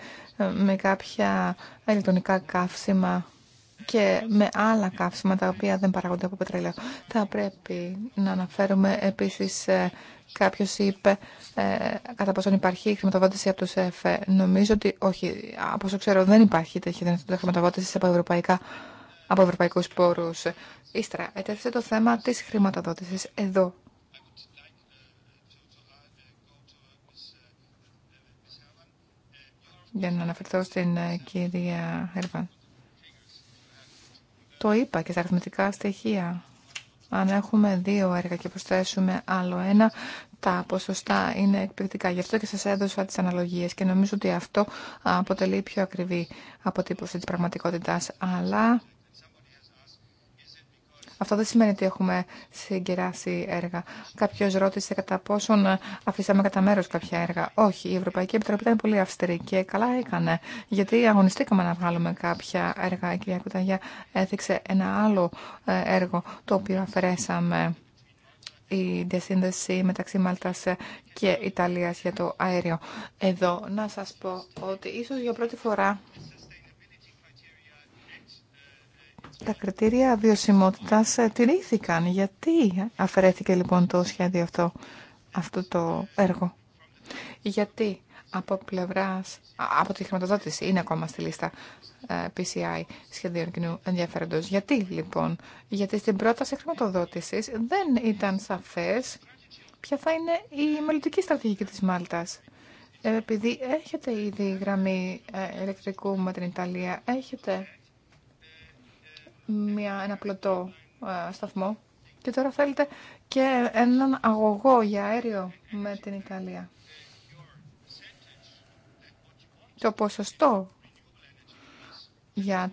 με κάποια ηλεκτρονικά καύσιμα και με άλλα καύσιμα τα οποία δεν παράγονται από πετρέλαιο. Θα πρέπει να αναφέρουμε επίσης ε, Κάποιο είπε ε, κατά πόσον υπάρχει χρηματοδότηση από του ΕΦΕ. Νομίζω ότι όχι. Από όσο ξέρω δεν υπάρχει τέτοια δυνατότητα χρηματοδότηση από, ευρωπαϊκά, από ευρωπαϊκού πόρου. Ύστερα, ετέθησε το θέμα τη χρηματοδότηση εδώ. Για να αναφερθώ στην ε, κυρία Ερβάν. Το είπα και στα αριθμητικά στοιχεία. Αν έχουμε δύο έργα και προσθέσουμε άλλο ένα, τα ποσοστά είναι εκπληκτικά. Γι' αυτό και σας έδωσα τις αναλογίες και νομίζω ότι αυτό αποτελεί πιο ακριβή αποτύπωση της πραγματικότητας. Αλλά αυτό δεν σημαίνει ότι έχουμε συγκεράσει έργα. Κάποιο ρώτησε κατά πόσον αφήσαμε κατά μέρο κάποια έργα. Όχι, η Ευρωπαϊκή Επιτροπή ήταν πολύ αυστηρή και καλά έκανε. Γιατί αγωνιστήκαμε να βγάλουμε κάποια έργα. Η κυρία Κουταγιά έθιξε ένα άλλο ε, έργο το οποίο αφαιρέσαμε η διασύνδεση μεταξύ Μάλτας ε, και Ιταλίας για το αέριο. Εδώ να σας πω ότι ίσως για πρώτη φορά τα κριτήρια βιωσιμότητας ε, τηρήθηκαν. Γιατί αφαιρέθηκε λοιπόν το σχέδιο αυτό, αυτό το έργο. Γιατί από πλευράς, από τη χρηματοδότηση είναι ακόμα στη λίστα ε, PCI σχεδίων κοινού ενδιαφέροντος. Γιατί λοιπόν, γιατί στην πρόταση χρηματοδότησης δεν ήταν σαφές ποια θα είναι η μελλοντική στρατηγική της Μάλτας. Ε, επειδή έχετε ήδη γραμμή ηλεκτρικού με την Ιταλία, έχετε μια, ένα πλωτό ε, σταθμό και τώρα θέλετε και έναν αγωγό για αέριο με την Ιταλία. Το ποσοστό για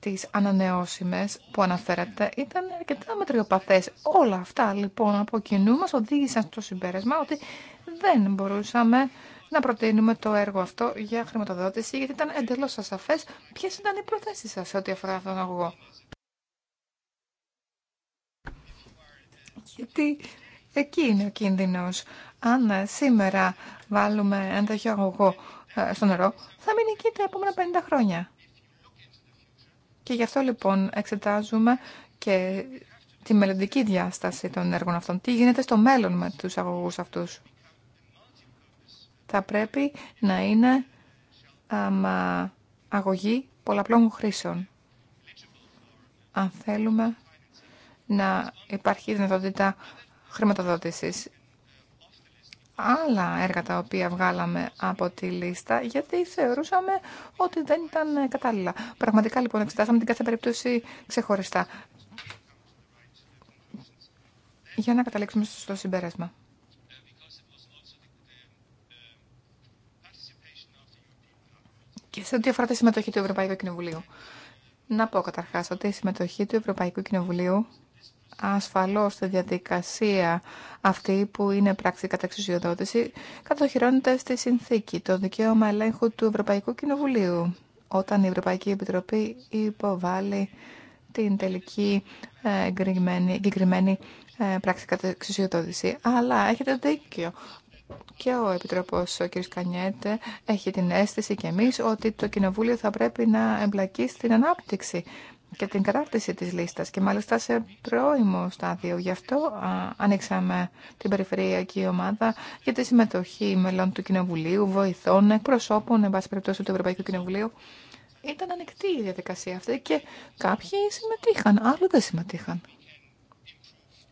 τις ανανεώσιμες που αναφέρατε ήταν αρκετά μετριοπαθές. Όλα αυτά λοιπόν από κοινού μας οδήγησαν στο συμπέρασμα ότι δεν μπορούσαμε να προτείνουμε το έργο αυτό για χρηματοδότηση γιατί ήταν εντελώς ασαφές ποιες ήταν οι προθέσεις σας σε ό,τι αφορά αυτόν τον αγωγό. Γιατί εκεί είναι ο κίνδυνος. Αν σήμερα βάλουμε ένα τέτοιο αγωγό ε, στο νερό, θα μείνει εκεί τα επόμενα 50 χρόνια. Και γι' αυτό λοιπόν εξετάζουμε και τη μελλοντική διάσταση των έργων αυτών. Τι γίνεται στο μέλλον με τους αγωγούς αυτούς. Θα πρέπει να είναι αμα, αγωγή πολλαπλών χρήσεων. Αν θέλουμε να υπάρχει δυνατότητα χρηματοδότησης. Άλλα έργα τα οποία βγάλαμε από τη λίστα, γιατί θεωρούσαμε ότι δεν ήταν κατάλληλα. Πραγματικά λοιπόν εξετάσαμε την κάθε περίπτωση ξεχωριστά. Για να καταλήξουμε στο συμπέρασμα. Και σε ό,τι αφορά τη συμμετοχή του Ευρωπαϊκού Κοινοβουλίου. Να πω καταρχάς ότι η συμμετοχή του Ευρωπαϊκού Κοινοβουλίου ασφαλώς στη διαδικασία αυτή που είναι πράξη κατά εξουσιοδότηση κατοχυρώνεται στη συνθήκη το δικαίωμα ελέγχου του Ευρωπαϊκού Κοινοβουλίου όταν η Ευρωπαϊκή Επιτροπή υποβάλλει την τελική ε, εγκεκριμένη ε, πράξη κατά εξουσιοδότηση. Αλλά έχετε δίκιο. Και ο Επιτροπός, ο κ. Κανιέτε, έχει την αίσθηση και εμείς ότι το Κοινοβούλιο θα πρέπει να εμπλακεί στην ανάπτυξη και την κατάρτιση της λίστας και μάλιστα σε πρώιμο στάδιο. Γι' αυτό α, ανοίξαμε την περιφερειακή ομάδα για τη συμμετοχή μελών του Κοινοβουλίου, βοηθών, εκπροσώπων, εν πάση περιπτώσει του Ευρωπαϊκού Κοινοβουλίου. Ήταν ανοιχτή η διαδικασία αυτή και κάποιοι συμμετείχαν, άλλοι δεν συμμετείχαν.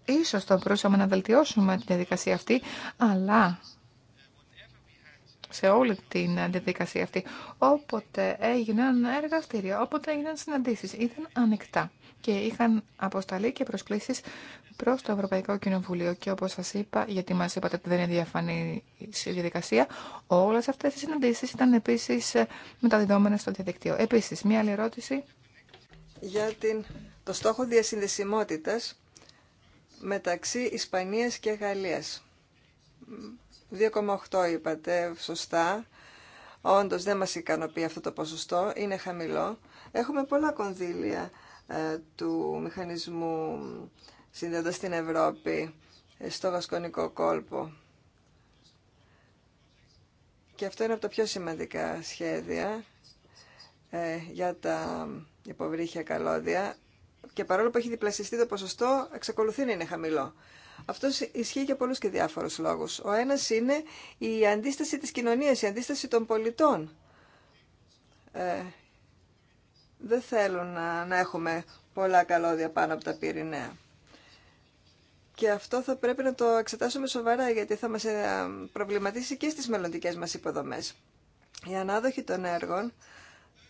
Ίσως θα μπορούσαμε να βελτιώσουμε τη διαδικασία αυτή, αλλά σε όλη την διαδικασία αυτή. Όποτε έγιναν εργαστήρια, όποτε έγιναν συναντήσεις, ήταν ανοιχτά και είχαν αποσταλεί και προσκλήσεις προς το Ευρωπαϊκό Κοινοβουλίο. Και όπως σας είπα, γιατί μας είπατε ότι δεν είναι διαφανή η διαδικασία, όλες αυτές οι συναντήσεις ήταν επίσης μεταδιδόμενες στο διαδικτύο. Επίσης, μία άλλη ερώτηση. Για την... το στόχο διασυνδεσιμότητας μεταξύ Ισπανίας και Γαλλίας 2,8 είπατε, σωστά. όντω δεν μα ικανοποιεί αυτό το ποσοστό, είναι χαμηλό. Έχουμε πολλά κονδύλια ε, του μηχανισμού συνδέοντα στην Ευρώπη ε, στο βασκονικό κόλπο. Και αυτό είναι από τα πιο σημαντικά σχέδια ε, για τα υποβρύχια καλώδια. Και παρόλο που έχει διπλασιαστεί το ποσοστό, εξακολουθεί να είναι χαμηλό. Αυτό ισχύει για πολλού και διάφορους λόγους. Ο ένας είναι η αντίσταση της κοινωνίας, η αντίσταση των πολιτών. Ε, δεν θέλουν να, να έχουμε πολλά καλώδια πάνω από τα πυρηναία. Και αυτό θα πρέπει να το εξετάσουμε σοβαρά, γιατί θα μας ε, προβληματίσει και στις μελλοντικές μας υποδομές. Οι ανάδοχοι των έργων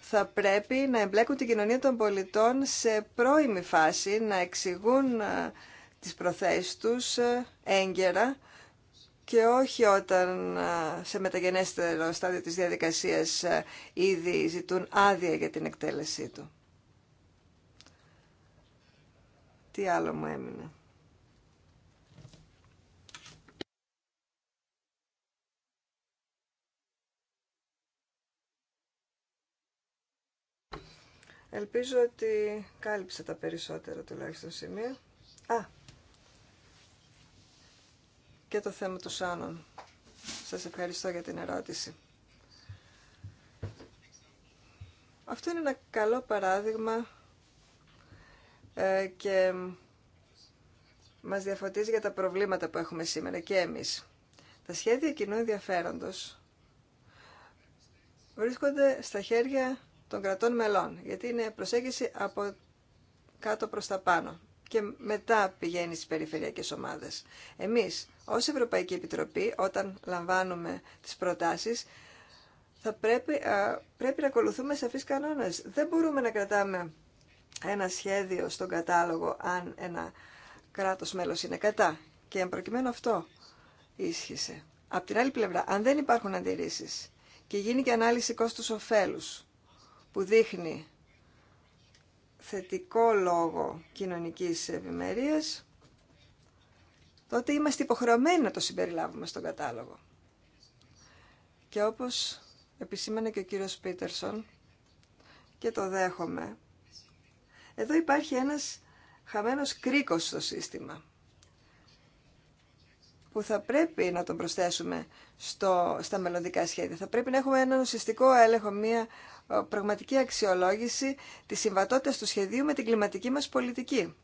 θα πρέπει να εμπλέκουν την κοινωνία των πολιτών σε πρώιμη φάση, να εξηγούν ε, τις προθέσεις τους ε, έγκαιρα και όχι όταν ε, σε μεταγενέστερο στάδιο της διαδικασίας ε, ήδη ζητούν άδεια για την εκτέλεσή του. Τι άλλο μου έμεινε. Ελπίζω ότι κάλυψα τα περισσότερα τουλάχιστον σημεία. Α, και το θέμα του Σάνων. Σας ευχαριστώ για την ερώτηση. Αυτό είναι ένα καλό παράδειγμα ε, και μας διαφωτίζει για τα προβλήματα που έχουμε σήμερα και εμείς. Τα σχέδια κοινού ενδιαφέροντος βρίσκονται στα χέρια των κρατών μελών, γιατί είναι προσέγγιση από κάτω προς τα πάνω και μετά πηγαίνει στις περιφερειακές ομάδες. Εμείς, ως Ευρωπαϊκή Επιτροπή, όταν λαμβάνουμε τις προτάσεις, θα πρέπει, πρέπει να ακολουθούμε σαφείς κανόνες. Δεν μπορούμε να κρατάμε ένα σχέδιο στον κατάλογο αν ένα κράτος μέλος είναι κατά. Και εν προκειμένου αυτό ίσχυσε. Απ' την άλλη πλευρά, αν δεν υπάρχουν αντιρρήσεις και γίνει και ανάλυση κόστους-οφέλους που δείχνει θετικό λόγο κοινωνικής ευημερίας, τότε είμαστε υποχρεωμένοι να το συμπεριλάβουμε στον κατάλογο. Και όπως επισήμανε και ο κύριος Πίτερσον, και το δέχομαι, εδώ υπάρχει ένας χαμένος κρίκος στο σύστημα που θα πρέπει να τον προσθέσουμε στο, στα μελλοντικά σχέδια. Θα πρέπει να έχουμε έναν ουσιαστικό έλεγχο, μια ε, πραγματική αξιολόγηση της συμβατότητας του σχεδίου με την κλιματική μας πολιτική.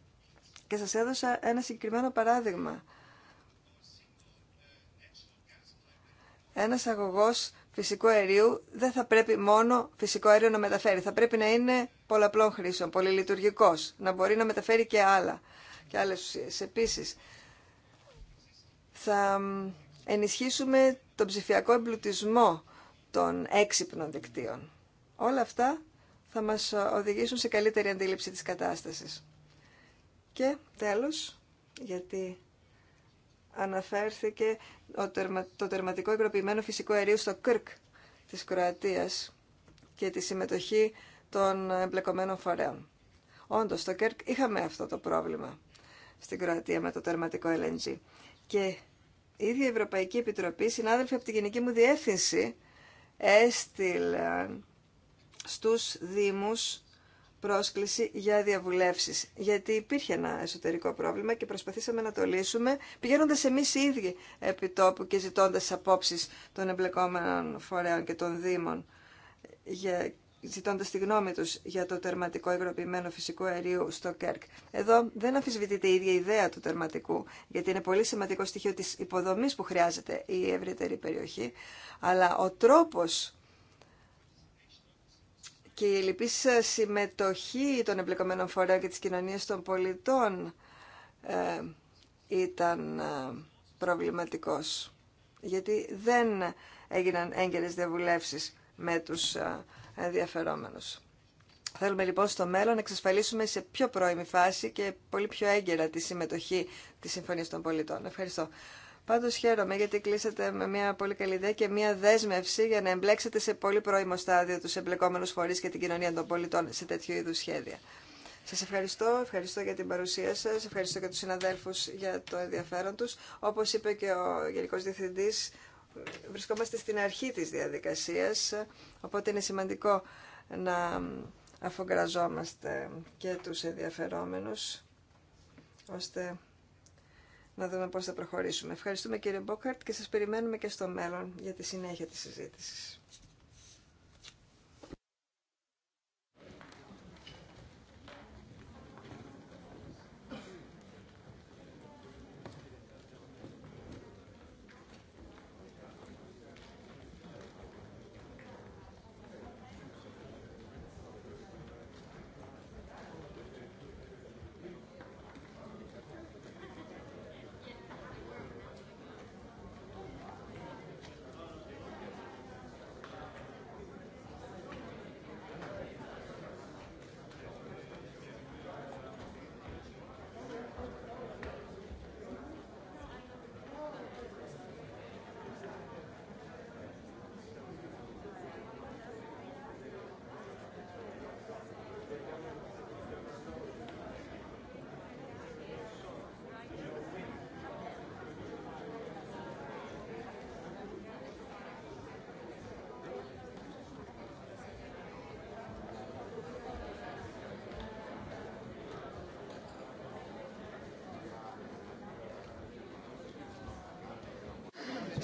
Και σας έδωσα ένα συγκεκριμένο παράδειγμα. Ένας αγωγό φυσικού αερίου δεν θα πρέπει μόνο φυσικό αέριο να μεταφέρει. Θα πρέπει να είναι πολλαπλών χρήσεων, πολυλειτουργικό. να μπορεί να μεταφέρει και άλλα και άλλες ουσίε θα ενισχύσουμε τον ψηφιακό εμπλουτισμό των έξυπνων δικτύων. Όλα αυτά θα μας ε, οδηγήσουν σε καλύτερη αντίληψη της κατάστασης. Και τέλος, γιατί αναφέρθηκε το τερματικό υγροποιημένο φυσικό αερίο στο ΚΡΚ της Κροατίας και τη συμμετοχή των εμπλεκομένων φορέων. Όντως, στο ΚΡΚ είχαμε αυτό το πρόβλημα στην Κροατία με το τερματικό LNG. Και η ίδια Ευρωπαϊκή Επιτροπή, συνάδελφοι από τη Γενική μου Διεύθυνση, έστειλαν στους Δήμους πρόσκληση για διαβουλεύσεις. Γιατί υπήρχε ένα εσωτερικό πρόβλημα και προσπαθήσαμε να το λύσουμε πηγαίνοντας εμείς οι ίδιοι επί τόπου και ζητώντας απόψεις των εμπλεκόμενων φορέων και των Δήμων για, ζητώντας τη γνώμη τους για το τερματικό υγροποιημένο φυσικό αερίο στο ΚΕΡΚ. Εδώ δεν αφισβητείται η ίδια ιδέα του τερματικού, γιατί είναι πολύ σημαντικό στοιχείο της υποδομής που χρειάζεται η ευρύτερη περιοχή, αλλά ο τρόπος και η λυπή συμμετοχή των εμπλεκομένων φορέων και της κοινωνίας των πολιτών ε, ήταν ε, προβληματικός, γιατί δεν έγιναν έγκαιρες διαβουλεύσεις με τους ε, ενδιαφερόμενους. Θέλουμε λοιπόν στο μέλλον να εξασφαλίσουμε σε πιο πρώιμη φάση και πολύ πιο έγκαιρα τη συμμετοχή τη Συμφωνία των Πολιτών. Ευχαριστώ. Πάντω χαίρομαι γιατί κλείσατε με μια πολύ καλή ιδέα και μια δέσμευση για να εμπλέξετε σε πολύ πρώιμο στάδιο του εμπλεκόμενου φορεί και την κοινωνία των πολιτών σε τέτοιου είδου σχέδια. Σα ευχαριστώ, ευχαριστώ για την παρουσία σα, ευχαριστώ και του συναδέλφου για το ενδιαφέρον του. Όπω είπε και ο Γενικό Διευθυντή, βρισκόμαστε στην αρχή της διαδικασίας, οπότε είναι σημαντικό να αφογκραζόμαστε και τους ενδιαφερόμενους, ώστε να δούμε πώς θα προχωρήσουμε. Ευχαριστούμε κύριε Μπόκαρτ και σας περιμένουμε και στο μέλλον για τη συνέχεια της συζήτησης.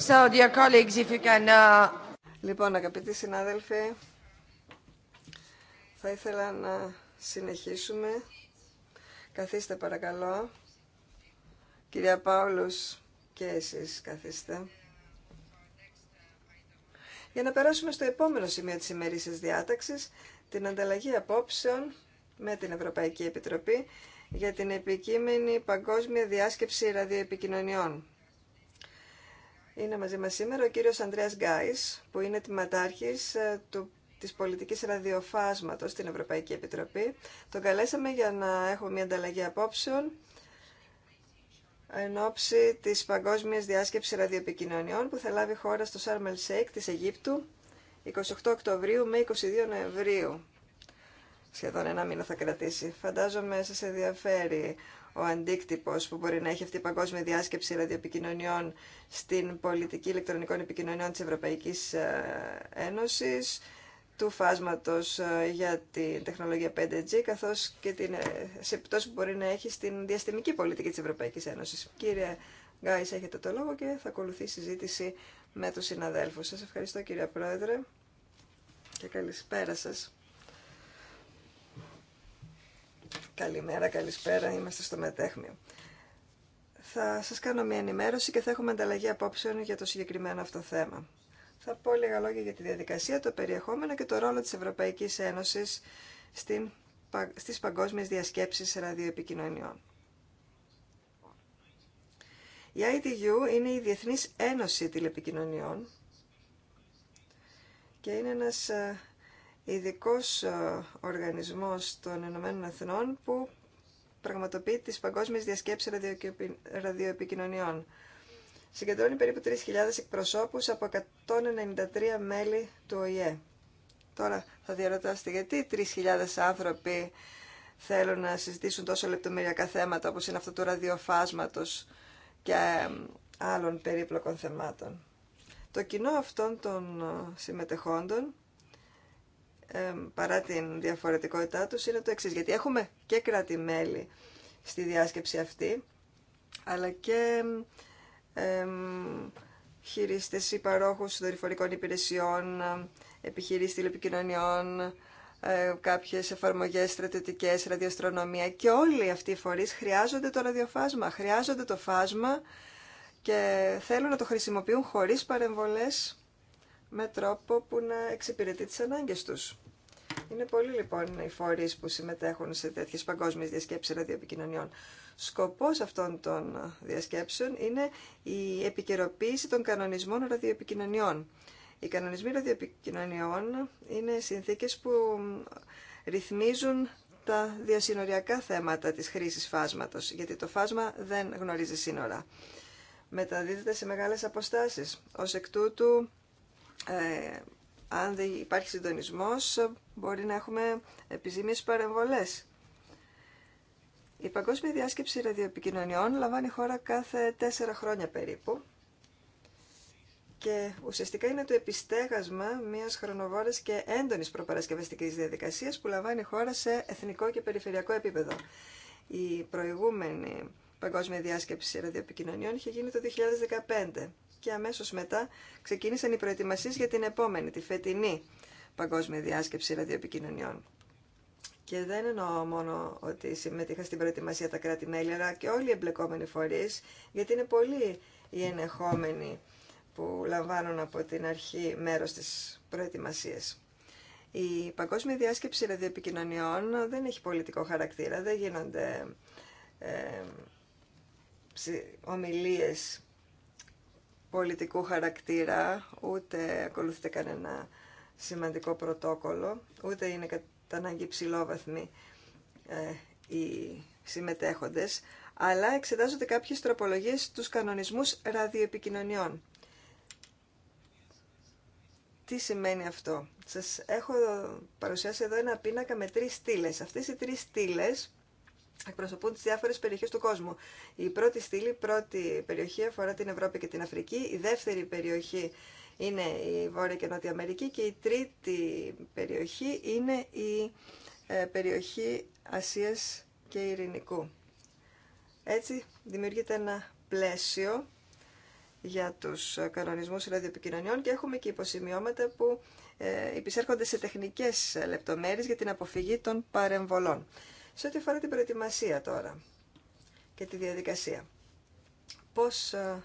So, dear if you can... Uh, λοιπόν, αγαπητοί συνάδελφοι, θα ήθελα να συνεχίσουμε. Καθίστε παρακαλώ. Κυρία Πάουλος και εσείς καθίστε. Για να περάσουμε στο επόμενο σημείο της ημερήσιας διάταξης, την ανταλλαγή απόψεων με την Ευρωπαϊκή Επιτροπή για την επικείμενη Παγκόσμια Διάσκεψη Ραδιοεπικοινωνιών. Είναι μαζί μας σήμερα ο κύριος Ανδρέας Γκάης, που είναι τιματάρχης ε, του της πολιτικής ραδιοφάσματος στην Ευρωπαϊκή Επιτροπή. Τον καλέσαμε για να έχουμε μια ανταλλαγή απόψεων εν ώψη της Παγκόσμιας Διάσκεψης ραδιοπικοινωνιών που θα λάβει χώρα στο Σάρμελ Σέικ της Αιγύπτου 28 Οκτωβρίου με 22 Νοεμβρίου. Σχεδόν ένα μήνα θα κρατήσει. Φαντάζομαι σας ενδιαφέρει ο αντίκτυπο που μπορεί να έχει αυτή η παγκόσμια διάσκεψη ραδιοπικοινωνιών στην πολιτική ηλεκτρονικών επικοινωνιών της Ευρωπαϊκής ε, Ένωσης, του φάσματος ε, για την τεχνολογία 5G, καθώς και την, ε, σε επιπτώσει που μπορεί να έχει στην διαστημική πολιτική της Ευρωπαϊκής Ένωσης. Κύριε Γκάι, έχετε το λόγο και θα ακολουθεί η συζήτηση με του συναδέλφου. Σα ευχαριστώ κύριε Πρόεδρε και καλησπέρα σας. Καλημέρα, καλησπέρα. Είμαστε στο μετέχνιο. Θα σας κάνω μια ενημέρωση και θα έχουμε ανταλλαγή απόψεων για το συγκεκριμένο αυτό θέμα. Θα πω λίγα λόγια για τη διαδικασία, το περιεχόμενο και το ρόλο της Ευρωπαϊκής Ένωσης στην, στις παγκόσμιες διασκέψεις ραδιοεπικοινωνιών. Η ITU είναι η Διεθνής Ένωση Τηλεπικοινωνιών και είναι ένας ε, ειδικό ε, οργανισμός των Ηνωμένων Εθνών που πραγματοποιεί τις παγκόσμιες διασκέψεις ραδιοεπικοινωνιών. Συγκεντρώνει περίπου 3.000 εκπροσώπους από 193 μέλη του ΟΗΕ. Τώρα θα διαρωτάστε γιατί 3.000 άνθρωποι θέλουν να συζητήσουν τόσο λεπτομεριακά θέματα όπως είναι αυτό του ραδιοφάσματος και ε, άλλων περίπλοκων θεμάτων. Το κοινό αυτών των ε, συμμετεχόντων παρά την διαφορετικότητά τους είναι το εξής. Γιατί έχουμε και κράτη-μέλη στη διάσκεψη αυτή, αλλά και ε, χειρίστες ή παρόχους δορυφορικών υπηρεσιών, επιχειρήσεις τηλεπικοινωνιών, ε, κάποιες εφαρμογές στρατιωτικές, ραδιοστρονομία και όλοι αυτοί οι φορείς χρειάζονται το ραδιοφάσμα, χρειάζονται το φάσμα και θέλουν να το χρησιμοποιούν χωρίς παρεμβολές με τρόπο που να εξυπηρετεί τις ανάγκες τους. Είναι πολλοί λοιπόν οι φορείς που συμμετέχουν σε τέτοιες παγκόσμιες διασκέψεις ραδιοπικοινωνιών. Σκοπός αυτών των διασκέψεων είναι η επικαιροποίηση των κανονισμών ραδιοπικοινωνιών. Οι κανονισμοί ραδιοπικοινωνιών είναι συνθήκες που ρυθμίζουν τα διασυνοριακά θέματα της χρήσης φάσματος, γιατί το φάσμα δεν γνωρίζει σύνορα. Μεταδίδεται σε μεγάλες αποστάσεις. Ως εκ τούτου ε, αν δεν υπάρχει συντονισμός μπορεί να έχουμε επιζήμιες παρεμβολές. Η Παγκόσμια Διάσκεψη Ραδιοεπικοινωνιών λαμβάνει χώρα κάθε τέσσερα χρόνια περίπου και ουσιαστικά είναι το επιστέγασμα μιας χρονοβόρας και έντονης προπαρασκευαστικής διαδικασίας που λαμβάνει χώρα σε εθνικό και περιφερειακό επίπεδο. Η προηγούμενη Παγκόσμια Διάσκεψη Ραδιοεπικοινωνιών είχε γίνει το 2015 και αμέσως μετά ξεκίνησαν οι προετοιμασίες για την επόμενη, τη φετινή Παγκόσμια Διάσκεψη Ραδιοπικοινωνιών. Και δεν εννοώ μόνο ότι συμμετείχα στην προετοιμασία τα κράτη-μέλη, αλλά και όλοι οι εμπλεκόμενοι φορείς, γιατί είναι πολλοί οι ενεχόμενοι που λαμβάνουν από την αρχή μέρος της προετοιμασίας. Η Παγκόσμια Διάσκεψη ραδιοπικοινωνιών δεν έχει πολιτικό χαρακτήρα, δεν γίνονται ε, ομιλίες πολιτικού χαρακτήρα, ούτε ακολουθείται κανένα σημαντικό πρωτόκολλο, ούτε είναι κατά ανάγκη ψηλόβαθμοι ε, οι συμμετέχοντες, αλλά εξετάζονται κάποιες τροπολογίες στους κανονισμούς ραδιοεπικοινωνιών. Τι σημαίνει αυτό. Σας έχω παρουσιάσει εδώ ένα πίνακα με τρεις στήλες. Αυτές οι τρεις στήλες εκπροσωπούν τι διάφορε περιοχέ του κόσμου. Η πρώτη στήλη, η πρώτη περιοχή αφορά την Ευρώπη και την Αφρική, η δεύτερη περιοχή είναι η Βόρεια και Νότια Αμερική και η τρίτη περιοχή είναι η ε, περιοχή Ασίας και Ειρηνικού. Έτσι δημιουργείται ένα πλαίσιο για τους κανονισμούς ραδιοπικοινωνιών και έχουμε και υποσημειώματα που ε, υπησέρχονται σε τεχνικές λεπτομέρειες για την αποφυγή των παρεμβολών. Σε ό,τι αφορά την προετοιμασία τώρα και τη διαδικασία. Πώς ε,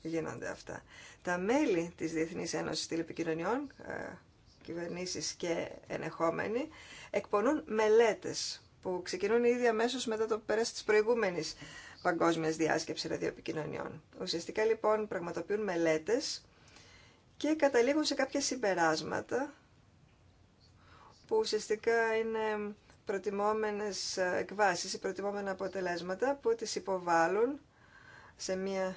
γίνονται αυτά. Τα μέλη της Διεθνής Ένωσης Τηλεπικοινωνιών, ε, κυβερνήσεις και ενεχόμενοι, εκπονούν μελέτες που ξεκινούν ήδη αμέσω μετά το πέρας της προηγούμενης παγκόσμιας διάσκεψης ραδιοπικοινωνιών. Ουσιαστικά λοιπόν πραγματοποιούν μελέτες και καταλήγουν σε κάποια συμπεράσματα που ουσιαστικά είναι προτιμόμενες ε, εκβάσεις ή προτιμόμενα αποτελέσματα που τις υποβάλλουν σε μια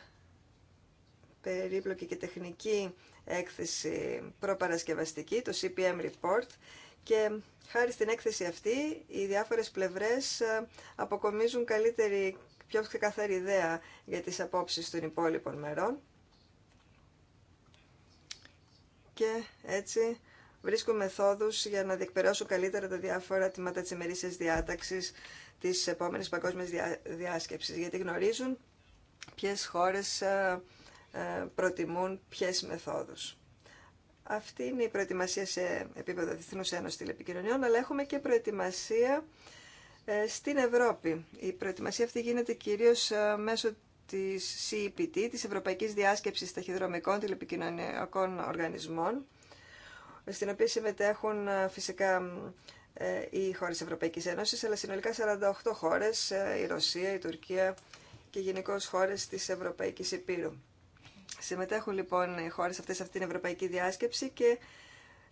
περίπλοκη και τεχνική έκθεση προπαρασκευαστική, το CPM Report, και χάρη στην έκθεση αυτή οι διάφορες πλευρές ε, αποκομίζουν καλύτερη, πιο ξεκαθαρή ιδέα για τις απόψεις των υπόλοιπων μερών και έτσι βρίσκουν μεθόδους για να διεκπαιρεώσουν καλύτερα τα διάφορα τμήματα τη ημερήσια διάταξη τη επόμενη παγκόσμια διάσκεψη, γιατί γνωρίζουν ποιε χώρες ε, ε, προτιμούν ποιε μεθόδους. Αυτή είναι η προετοιμασία σε επίπεδο Διεθνούς Ένωσης Τηλεπικοινωνιών, αλλά έχουμε και προετοιμασία ε, στην Ευρώπη. Η προετοιμασία αυτή γίνεται κυρίως μέσω της CEPT, της Ευρωπαϊκής Διάσκεψης Ταχυδρομικών Τηλεπικοινωνιακών Οργανισμών, στην οποία συμμετέχουν ε, φυσικά ε, οι χώρες Ευρωπαϊκής Ένωσης, αλλά συνολικά 48 χώρες, ε, η Ρωσία, η Τουρκία και γενικώ χώρες της Ευρωπαϊκής Επίρου. Συμμετέχουν λοιπόν οι χώρες αυτές σε αυτήν την Ευρωπαϊκή Διάσκεψη και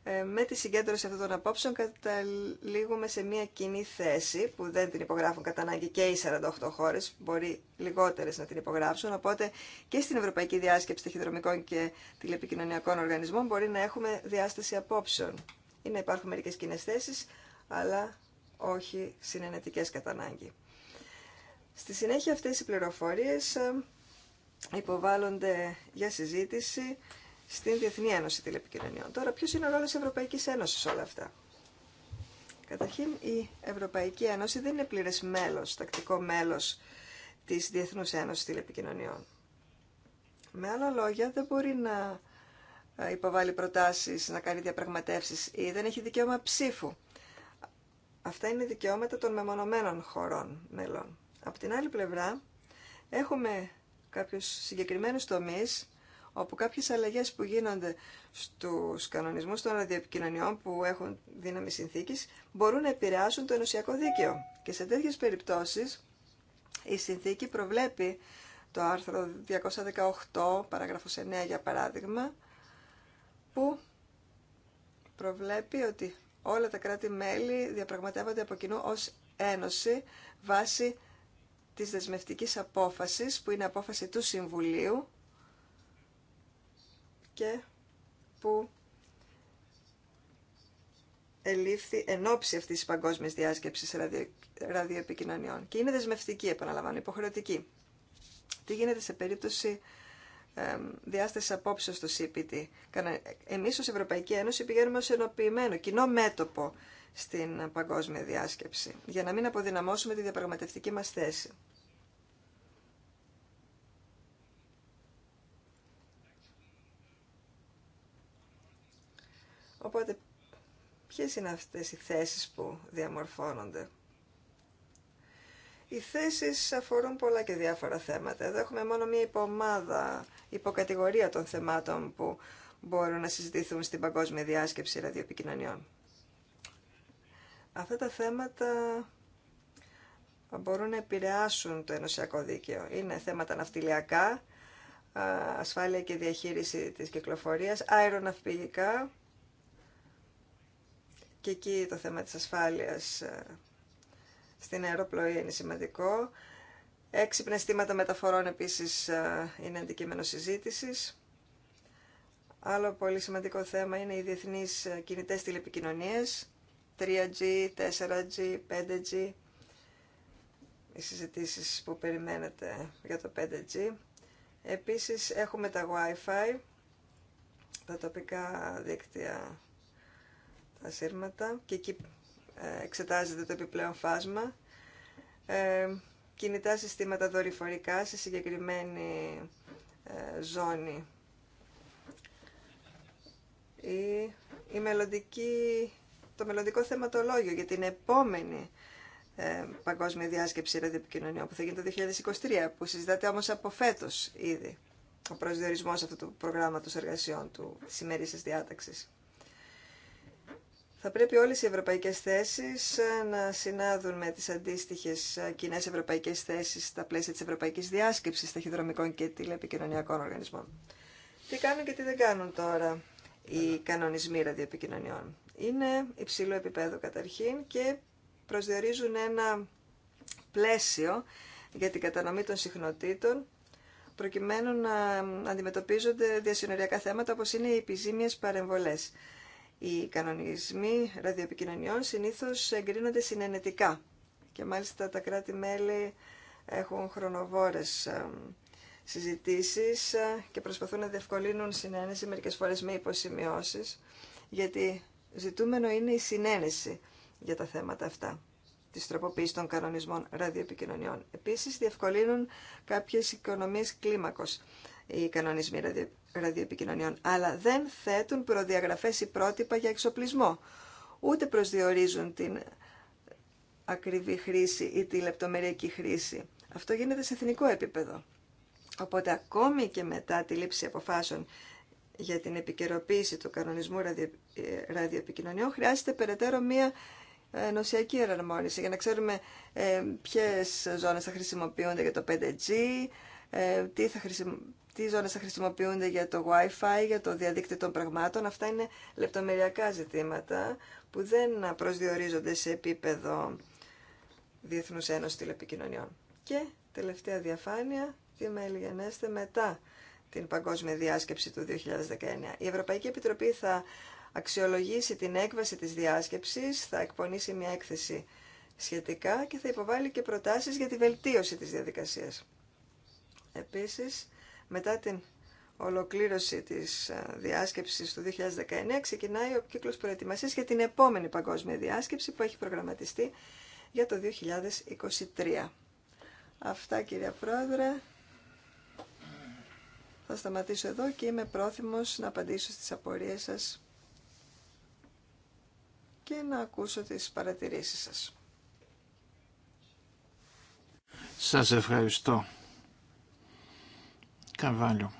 ε, με τη συγκέντρωση αυτών των απόψεων καταλήγουμε σε μια κοινή θέση που δεν την υπογράφουν κατά ανάγκη και οι 48 χώρε, μπορεί λιγότερε να την υπογράψουν. Οπότε και στην Ευρωπαϊκή Διάσκεψη Ταχυδρομικών και Τηλεπικοινωνιακών Οργανισμών μπορεί να έχουμε διάσταση απόψεων ή να υπάρχουν μερικέ κοινέ θέσει, αλλά όχι συνενετικέ κατά ανάγκη. Στη συνέχεια αυτές οι πληροφορίες ε, υποβάλλονται για συζήτηση στην Διεθνή Ένωση Τηλεπικοινωνιών. Τώρα, ποιο είναι ο ρόλο Ευρωπαϊκή Ένωση σε όλα αυτά. Καταρχήν, η Ευρωπαϊκή Ένωση δεν είναι πλήρε μέλο, τακτικό μέλο τη Διεθνούς Ένωσης Τηλεπικοινωνιών. Με άλλα λόγια, δεν μπορεί να ε, υποβάλει προτάσει να κάνει διαπραγματεύσει. ή δεν έχει δικαίωμα ψήφου. Αυτά είναι δικαιώματα των μεμονωμένων χωρών μελών. Από την άλλη πλευρά, έχουμε κάποιους συγκεκριμένους τομεί όπου κάποιες αλλαγές που γίνονται στους κανονισμούς των ραδιοεπικοινωνιών που έχουν δύναμη συνθήκης μπορούν να επηρεάσουν το ενωσιακό δίκαιο. Και σε τέτοιες περιπτώσεις η συνθήκη προβλέπει το άρθρο 218 παράγραφος 9 για παράδειγμα που προβλέπει ότι όλα τα κράτη-μέλη διαπραγματεύονται από κοινού ως ένωση βάσει της δεσμευτικής απόφασης που είναι απόφαση του Συμβουλίου και που ελήφθη εν ώψη αυτής της παγκόσμιας διάσκεψης ραδιο, ραδιοεπικοινωνιών. Και είναι δεσμευτική, επαναλαμβάνω, υποχρεωτική. Τι γίνεται σε περίπτωση διάσταση απόψεω στο CPT. Εμεί ω Ευρωπαϊκή Ένωση πηγαίνουμε ως ενοποιημένο κοινό μέτωπο στην παγκόσμια διάσκεψη, για να μην αποδυναμώσουμε τη διαπραγματευτική μα θέση. Οπότε, ποιες είναι αυτές οι θέσεις που διαμορφώνονται. Οι θέσεις αφορούν πολλά και διάφορα θέματα. Εδώ έχουμε μόνο μία υπομάδα, υποκατηγορία των θεμάτων που μπορούν να συζητηθούν στην Παγκόσμια Διάσκεψη Ραδιοπικοινωνιών. Αυτά τα θέματα μπορούν να επηρεάσουν το ενωσιακό δίκαιο. Είναι θέματα ναυτιλιακά, ασφάλεια και διαχείριση της κυκλοφορίας, αεροναυπηγικά, και εκεί το θέμα της ασφάλειας ε, στην αεροπλοή είναι σημαντικό. έξι στήματα μεταφορών επίσης ε, είναι αντικείμενο συζήτησης. Άλλο πολύ σημαντικό θέμα είναι οι διεθνείς ε, κινητές τηλεπικοινωνίες, 3G, 4G, 5G, οι συζητήσεις που περιμένετε για το 5G. Επίσης έχουμε τα Wi-Fi, τα τοπικά δίκτυα τα σύρματα και εκεί ε, εξετάζεται το επιπλέον φάσμα. Ε, κινητά συστήματα δορυφορικά σε συγκεκριμένη ε, ζώνη. Η, η μελλοντική, το μελλοντικό θεματολόγιο για την επόμενη ε, παγκόσμια διάσκεψη ραδιοπικοινωνιών που θα γίνει το 2023, που συζητάται όμως από φέτος ήδη ο προσδιορισμός αυτού του προγράμματος εργασιών του, της διάταξης. Θα πρέπει όλες οι ευρωπαϊκές θέσεις ε, να συνάδουν με τις αντίστοιχες ε, κοινέ ευρωπαϊκές θέσεις στα πλαίσια της Ευρωπαϊκής Διάσκεψης Ταχυδρομικών και Τηλεπικοινωνιακών Οργανισμών. Τι κάνουν και τι δεν κάνουν τώρα οι κανονισμοί ραδιοπικοινωνιών. Είναι υψηλού επίπεδου καταρχήν και προσδιορίζουν ένα πλαίσιο για την κατανομή των συχνοτήτων προκειμένου να αντιμετωπίζονται διασυνοριακά θέματα όπως είναι οι επιζήμιες παρεμβολές. Οι κανονισμοί ραδιοπικοινωνιών συνήθως εγκρίνονται συνενετικά και μάλιστα τα κράτη-μέλη έχουν χρονοβόρες συζητήσεις ε, και προσπαθούν να διευκολύνουν συνένεση μερικές φορές με υποσημειώσεις γιατί ζητούμενο είναι η συνένεση για τα θέματα αυτά τη τροποποίηση των κανονισμών ραδιοεπικοινωνιών. Επίσης, διευκολύνουν κάποιε οικονομίες κλίμακος οι κανονισμοί ραδιοεπικοινωνιών, αλλά δεν θέτουν προδιαγραφές ή πρότυπα για εξοπλισμό, ούτε προσδιορίζουν την ακριβή χρήση ή τη λεπτομεριακή χρήση. Αυτό γίνεται σε εθνικό επίπεδο. Οπότε ακόμη και μετά τη λήψη αποφάσεων για την επικαιροποίηση του κανονισμού ραδιο, ε, ραδιοεπικοινωνιών χρειάζεται περαιτέρω μία ε, νοσιακή εναρμόνιση για να ξέρουμε ε, ποιες ζώνες θα χρησιμοποιούνται για το 5G, ε, τι, θα χρησιμο τι ζώνες θα χρησιμοποιούνται για το Wi-Fi, για το διαδίκτυο των πραγμάτων. Αυτά είναι λεπτομεριακά ζητήματα που δεν προσδιορίζονται σε επίπεδο Διεθνούς Ένωσης Τηλεπικοινωνιών. Και τελευταία διαφάνεια, τι με έλεγενέστε μετά την παγκόσμια διάσκεψη του 2019. Η Ευρωπαϊκή Επιτροπή θα αξιολογήσει την έκβαση της διάσκεψης, θα εκπονήσει μια έκθεση σχετικά και θα υποβάλει και προτάσεις για τη βελτίωση της διαδικασίας. Επίσης, μετά την ολοκλήρωση της ε, διάσκεψης του 2019 ξεκινάει ο κύκλος προετοιμασίας για την επόμενη παγκόσμια διάσκεψη που έχει προγραμματιστεί για το 2023. Αυτά κύριε Πρόεδρε. Θα σταματήσω εδώ και είμαι πρόθυμος να απαντήσω στις απορίες σας και να ακούσω τις παρατηρήσεις σας. Σας ευχαριστώ. Καβάλιο.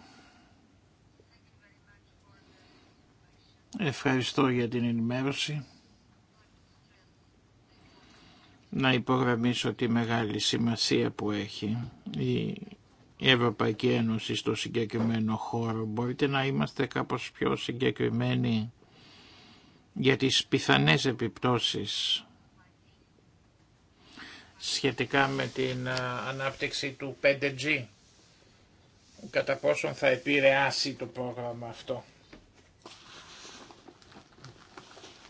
Ευχαριστώ για την ενημέρωση. Να υπογραμμίσω τη μεγάλη σημασία που έχει η Ευρωπαϊκή Ένωση στο συγκεκριμένο χώρο. Μπορείτε να είμαστε κάπως πιο συγκεκριμένοι για τις πιθανές επιπτώσεις σχετικά με την ε, ανάπτυξη του 5G κατά πόσον θα επηρεάσει το πρόγραμμα αυτό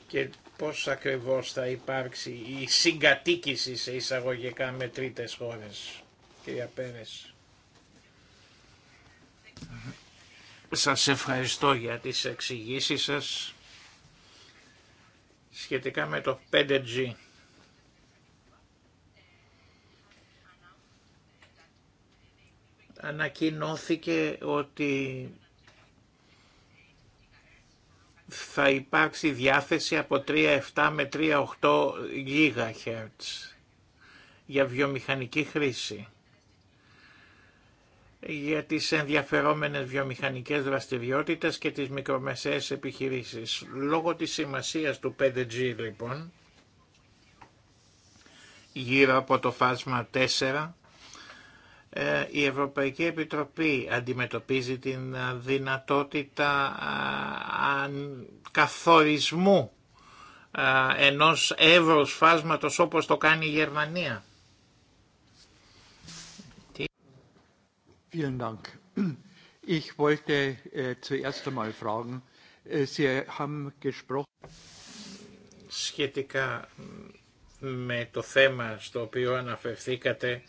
και πώς ακριβώς θα υπάρξει η συγκατοίκηση σε εισαγωγικά με τρίτες χώρες. και Πέρες. Σας ευχαριστώ για τις εξηγήσεις σας σχετικά με το 5G. ανακοινώθηκε ότι θα υπάρξει διάθεση από 3,7 με 3,8 GHz για βιομηχανική χρήση. Για τις ενδιαφερόμενες βιομηχανικές δραστηριότητες και τις μικρομεσαίες επιχειρήσεις. Λόγω της σημασίας του 5G λοιπόν, γύρω από το φάσμα 4, ε, η Ευρωπαϊκή Επιτροπή αντιμετωπίζει την ε, δυνατότητα ε, καθορισμού ενός εύρους φάσματος όπως το κάνει η Γερμανία. Äh, äh, Σχετικά με το θέμα στο οποίο αναφερθήκατε,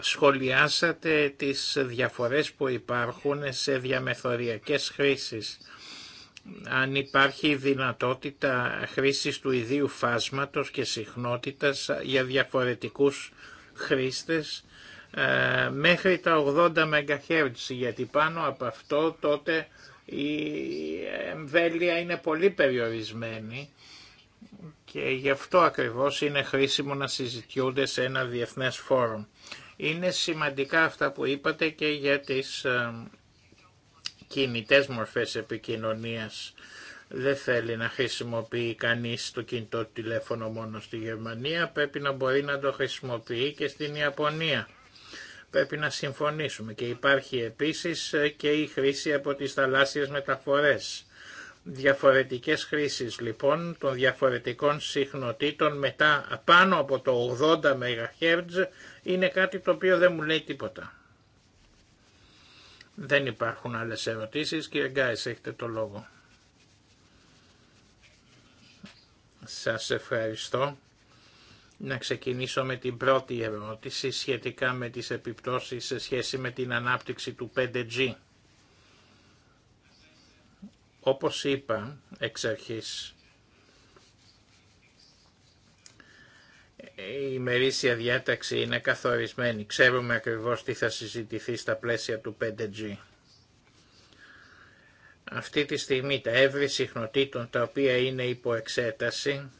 σχολιάσατε τις διαφορές που υπάρχουν σε διαμεθοριακές χρήσεις. Αν υπάρχει δυνατότητα χρήσης του ιδίου φάσματος και συχνότητας για διαφορετικούς χρήστες ε, μέχρι τα 80 MHz, γιατί πάνω από αυτό τότε η εμβέλεια είναι πολύ περιορισμένη και γι' αυτό ακριβώς είναι χρήσιμο να συζητιούνται σε ένα διεθνές φόρουμ. Είναι σημαντικά αυτά που είπατε και για τις ε, κινητές μορφές επικοινωνίας. Δεν θέλει να χρησιμοποιεί κανείς το κινητό τηλέφωνο μόνο στη Γερμανία, πρέπει να μπορεί να το χρησιμοποιεί και στην Ιαπωνία. Πρέπει να συμφωνήσουμε και υπάρχει επίσης ε, και η χρήση από τις θαλάσσιες μεταφορές Διαφορετικές χρήσεις λοιπόν των διαφορετικών συχνοτήτων μετά πάνω από το 80 MHz είναι κάτι το οποίο δεν μου λέει τίποτα. Δεν υπάρχουν άλλες ερωτήσεις. Κύριε Γκάις, έχετε το λόγο. Σας ευχαριστώ. Να ξεκινήσω με την πρώτη ερώτηση σχετικά με τις επιπτώσεις σε σχέση με την ανάπτυξη του 5G. Όπως είπα εξ αρχής, η ημερήσια διάταξη είναι καθορισμένη. Ξέρουμε ακριβώς τι θα συζητηθεί στα πλαίσια του 5G. Αυτή τη στιγμή τα εύρη συχνοτήτων τα οποία είναι υπό εξέταση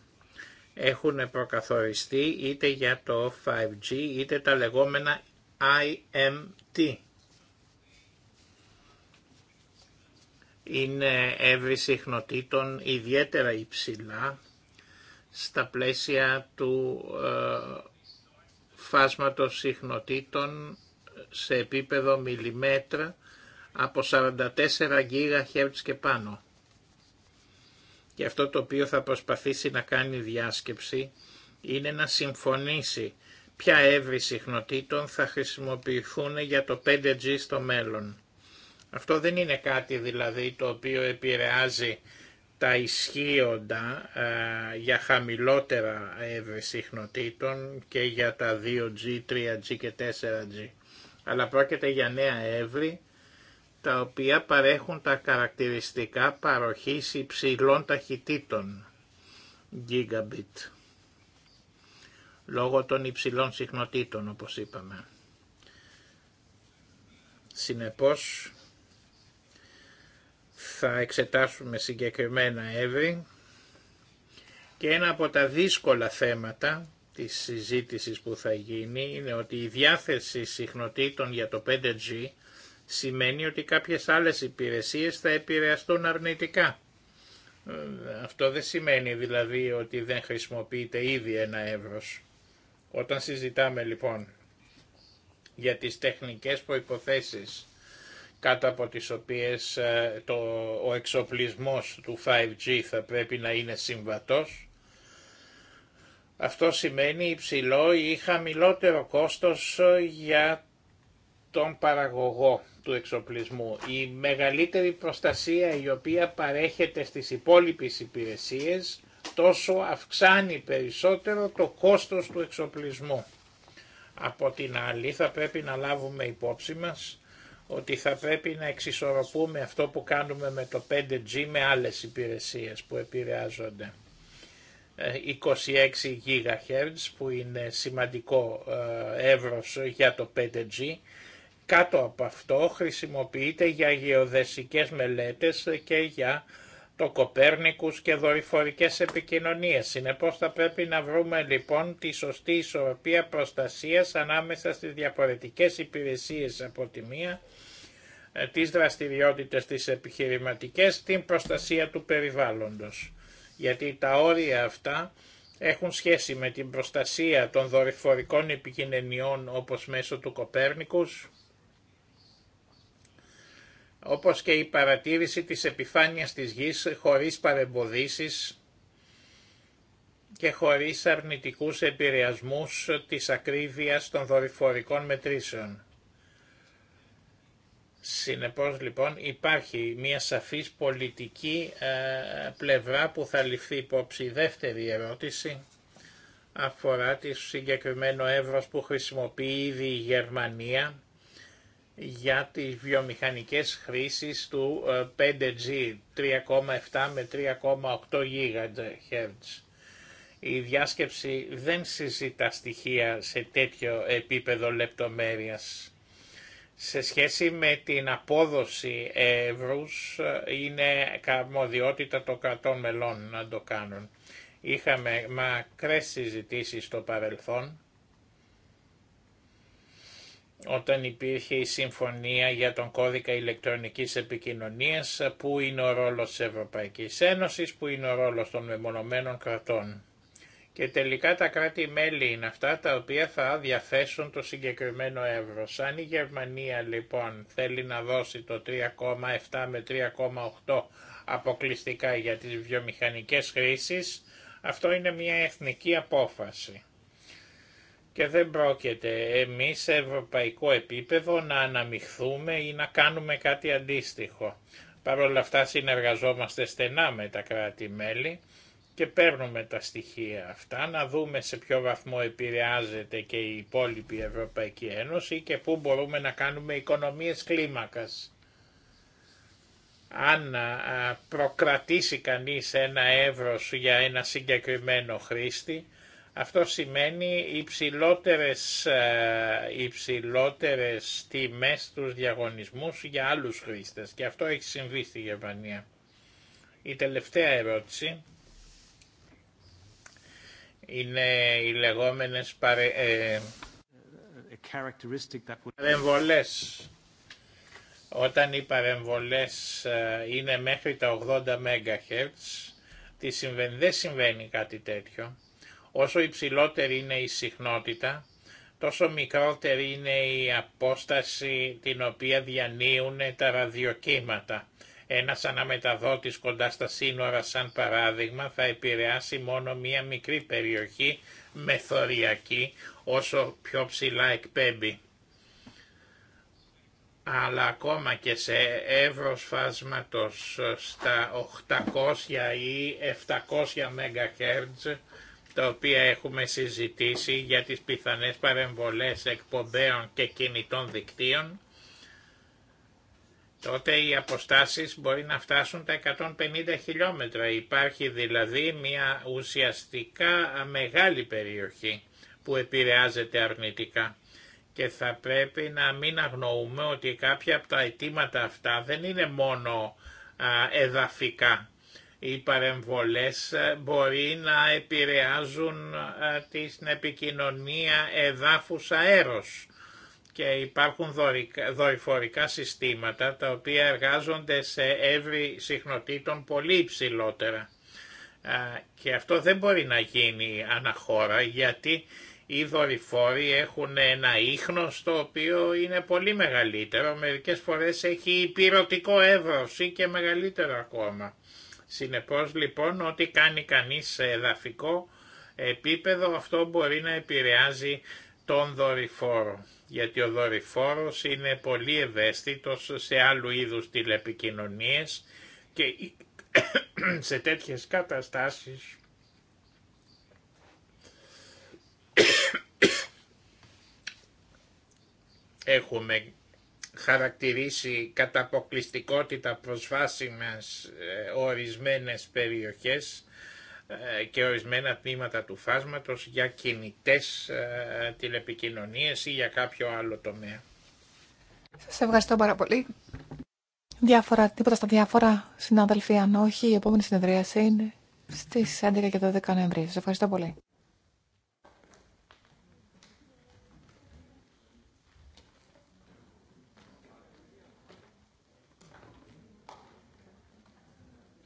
έχουν προκαθοριστεί είτε για το 5G είτε τα λεγόμενα IMT. είναι εύρη συχνοτήτων ιδιαίτερα υψηλά στα πλαίσια του ε, φάσματος συχνοτήτων σε επίπεδο μιλιμέτρα από 44 GHz και πάνω. Και αυτό το οποίο θα προσπαθήσει να κάνει διάσκεψη είναι να συμφωνήσει ποια εύρη συχνοτήτων θα χρησιμοποιηθούν για το 5G στο μέλλον. Αυτό δεν είναι κάτι δηλαδή το οποίο επηρεάζει τα ισχύοντα ε, για χαμηλότερα εύρη και για τα 2G, 3G και 4G. Αλλά πρόκειται για νέα εύρη τα οποία παρέχουν τα χαρακτηριστικά παροχής υψηλών ταχυτήτων gigabit λόγω των υψηλών συχνοτήτων όπως είπαμε. Συνεπώς θα εξετάσουμε συγκεκριμένα εύρη και ένα από τα δύσκολα θέματα της συζήτησης που θα γίνει είναι ότι η διάθεση συχνοτήτων για το 5G σημαίνει ότι κάποιες άλλες υπηρεσίες θα επηρεαστούν αρνητικά. Ε, αυτό δεν σημαίνει δηλαδή ότι δεν χρησιμοποιείται ήδη ένα εύρος. Όταν συζητάμε λοιπόν για τις τεχνικές προϋποθέσεις κάτω από τις οποίες ε, το, ο εξοπλισμός του 5G θα πρέπει να είναι συμβατός. Αυτό σημαίνει υψηλό ή χαμηλότερο κόστος ε, για τον παραγωγό του εξοπλισμού. Η μεγαλύτερη προστασία η οποία παρέχεται στις υπόλοιπες υπηρεσίες τόσο αυξάνει περισσότερο το κόστος του εξοπλισμού. Από την άλλη θα πρέπει να λάβουμε υπόψη μας ότι θα πρέπει να εξισορροπούμε αυτό που κάνουμε με το 5G με άλλες υπηρεσίες που επηρεάζονται. 26 ε, GHz που είναι σημαντικό ε, εύρος για το 5G. Κάτω από αυτό χρησιμοποιείται για γεωδεσικές μελέτες και για το Κοπέρνικους και δορυφορικές επικοινωνίες. Συνεπώς θα πρέπει να βρούμε λοιπόν τη σωστή ισορροπία προστασίας ανάμεσα στις διαφορετικές υπηρεσίες από τη μία ε, τις δραστηριότητες τις επιχειρηματικές την προστασία του περιβάλλοντος. Γιατί τα όρια αυτά έχουν σχέση με την προστασία των δορυφορικών επικοινωνιών όπως μέσω του Κοπέρνικους, όπως και η παρατήρηση της επιφάνειας της γης χωρίς παρεμποδίσεις και χωρίς αρνητικούς επηρεασμούς της ακρίβειας των δορυφορικών μετρήσεων. Συνεπώς λοιπόν υπάρχει μια σαφής πολιτική ε, πλευρά που θα ληφθεί υπόψη. Η δεύτερη ερώτηση αφορά το συγκεκριμένο εύρος που χρησιμοποιεί ήδη η Γερμανία για τις βιομηχανικές χρήσεις του 5G ε, 3,7 με 3,8 GHz. Η διάσκεψη δεν συζητά στοιχεία σε τέτοιο επίπεδο λεπτομέρειας σε σχέση με την απόδοση εύρους είναι καρμοδιότητα των κρατών μελών να το κάνουν. Είχαμε μακρές συζητήσεις στο παρελθόν όταν υπήρχε η συμφωνία για τον κώδικα ηλεκτρονικής επικοινωνίας, που είναι ο ρόλος της Ευρωπαϊκής Ένωσης, που είναι ο ρόλος των μεμονωμένων κρατών. Και τελικά τα κράτη-μέλη είναι αυτά τα οποία θα διαθέσουν το συγκεκριμένο ευρώ. Αν η Γερμανία λοιπόν θέλει να δώσει το 3,7 με 3,8 αποκλειστικά για τις βιομηχανικές χρήσεις, αυτό είναι μια εθνική απόφαση. Και δεν πρόκειται εμείς σε ευρωπαϊκό επίπεδο να αναμειχθούμε ή να κάνουμε κάτι αντίστοιχο. Παρ' όλα αυτά συνεργαζόμαστε στενά με τα κράτη-μέλη και παίρνουμε τα στοιχεία αυτά, να δούμε σε ποιο βαθμό επηρεάζεται και η υπόλοιπη Ευρωπαϊκή Ένωση και πού μπορούμε να κάνουμε οικονομίες κλίμακας. Αν προκρατήσει κανείς ένα εύρος για ένα συγκεκριμένο χρήστη, αυτό σημαίνει υψηλότερες, υψηλότερες τιμές στους διαγωνισμούς για άλλους χρήστες και αυτό έχει συμβεί στη Γερμανία. Η τελευταία ερώτηση είναι οι λεγόμενες παρε... Ε, παρεμβολές. Όταν οι παρεμβολές ε, είναι μέχρι τα 80 MHz, τι συμβαίνει, δεν συμβαίνει κάτι τέτοιο. Όσο υψηλότερη είναι η συχνότητα, τόσο μικρότερη είναι η απόσταση την οποία διανύουν τα ραδιοκύματα. Ένας αναμεταδότης κοντά στα σύνορα σαν παράδειγμα θα επηρεάσει μόνο μία μικρή περιοχή μεθοριακή όσο πιο ψηλά εκπέμπει. Αλλά ακόμα και σε εύρος φάσματος στα 800 ή 700 MHz τα οποία έχουμε συζητήσει για τις πιθανές παρεμβολές εκπομπέων και κινητών δικτύων, τότε οι αποστάσεις μπορεί να φτάσουν τα 150 χιλιόμετρα. Υπάρχει δηλαδή μια ουσιαστικά μεγάλη περιοχή που επηρεάζεται αρνητικά και θα πρέπει να μην αγνοούμε ότι κάποια από τα αιτήματα αυτά δεν είναι μόνο εδαφικά. Οι παρεμβολές μπορεί να επηρεάζουν την επικοινωνία εδάφους αέρος και υπάρχουν δορυφορικά συστήματα τα οποία εργάζονται σε εύρη συχνοτήτων πολύ υψηλότερα. Και αυτό δεν μπορεί να γίνει αναχώρα γιατί οι δορυφόροι έχουν ένα ίχνος το οποίο είναι πολύ μεγαλύτερο, μερικές φορές έχει υπηρετικό εύρος ή και μεγαλύτερο ακόμα. Συνεπώς λοιπόν ό,τι κάνει κανείς σε εδαφικό επίπεδο αυτό μπορεί να επηρεάζει τον δορυφόρο γιατί ο δορυφόρος είναι πολύ ευαίσθητος σε άλλου είδους τηλεπικοινωνίες και σε τέτοιες καταστάσεις έχουμε χαρακτηρίσει κατά αποκλειστικότητα προσβάσιμες ε, ορισμένες περιοχές ε, και ορισμένα τμήματα του φάσματος για κινητές ε, τηλεπικοινωνίες ή για κάποιο άλλο τομέα. Σας ευχαριστώ πάρα πολύ. Διάφορα, τίποτα στα διάφορα, συνάδελφοι, αν όχι, η επόμενη συνεδρίαση είναι στις 11 και 12 Νοεμβρίου. Σας ευχαριστώ πολύ.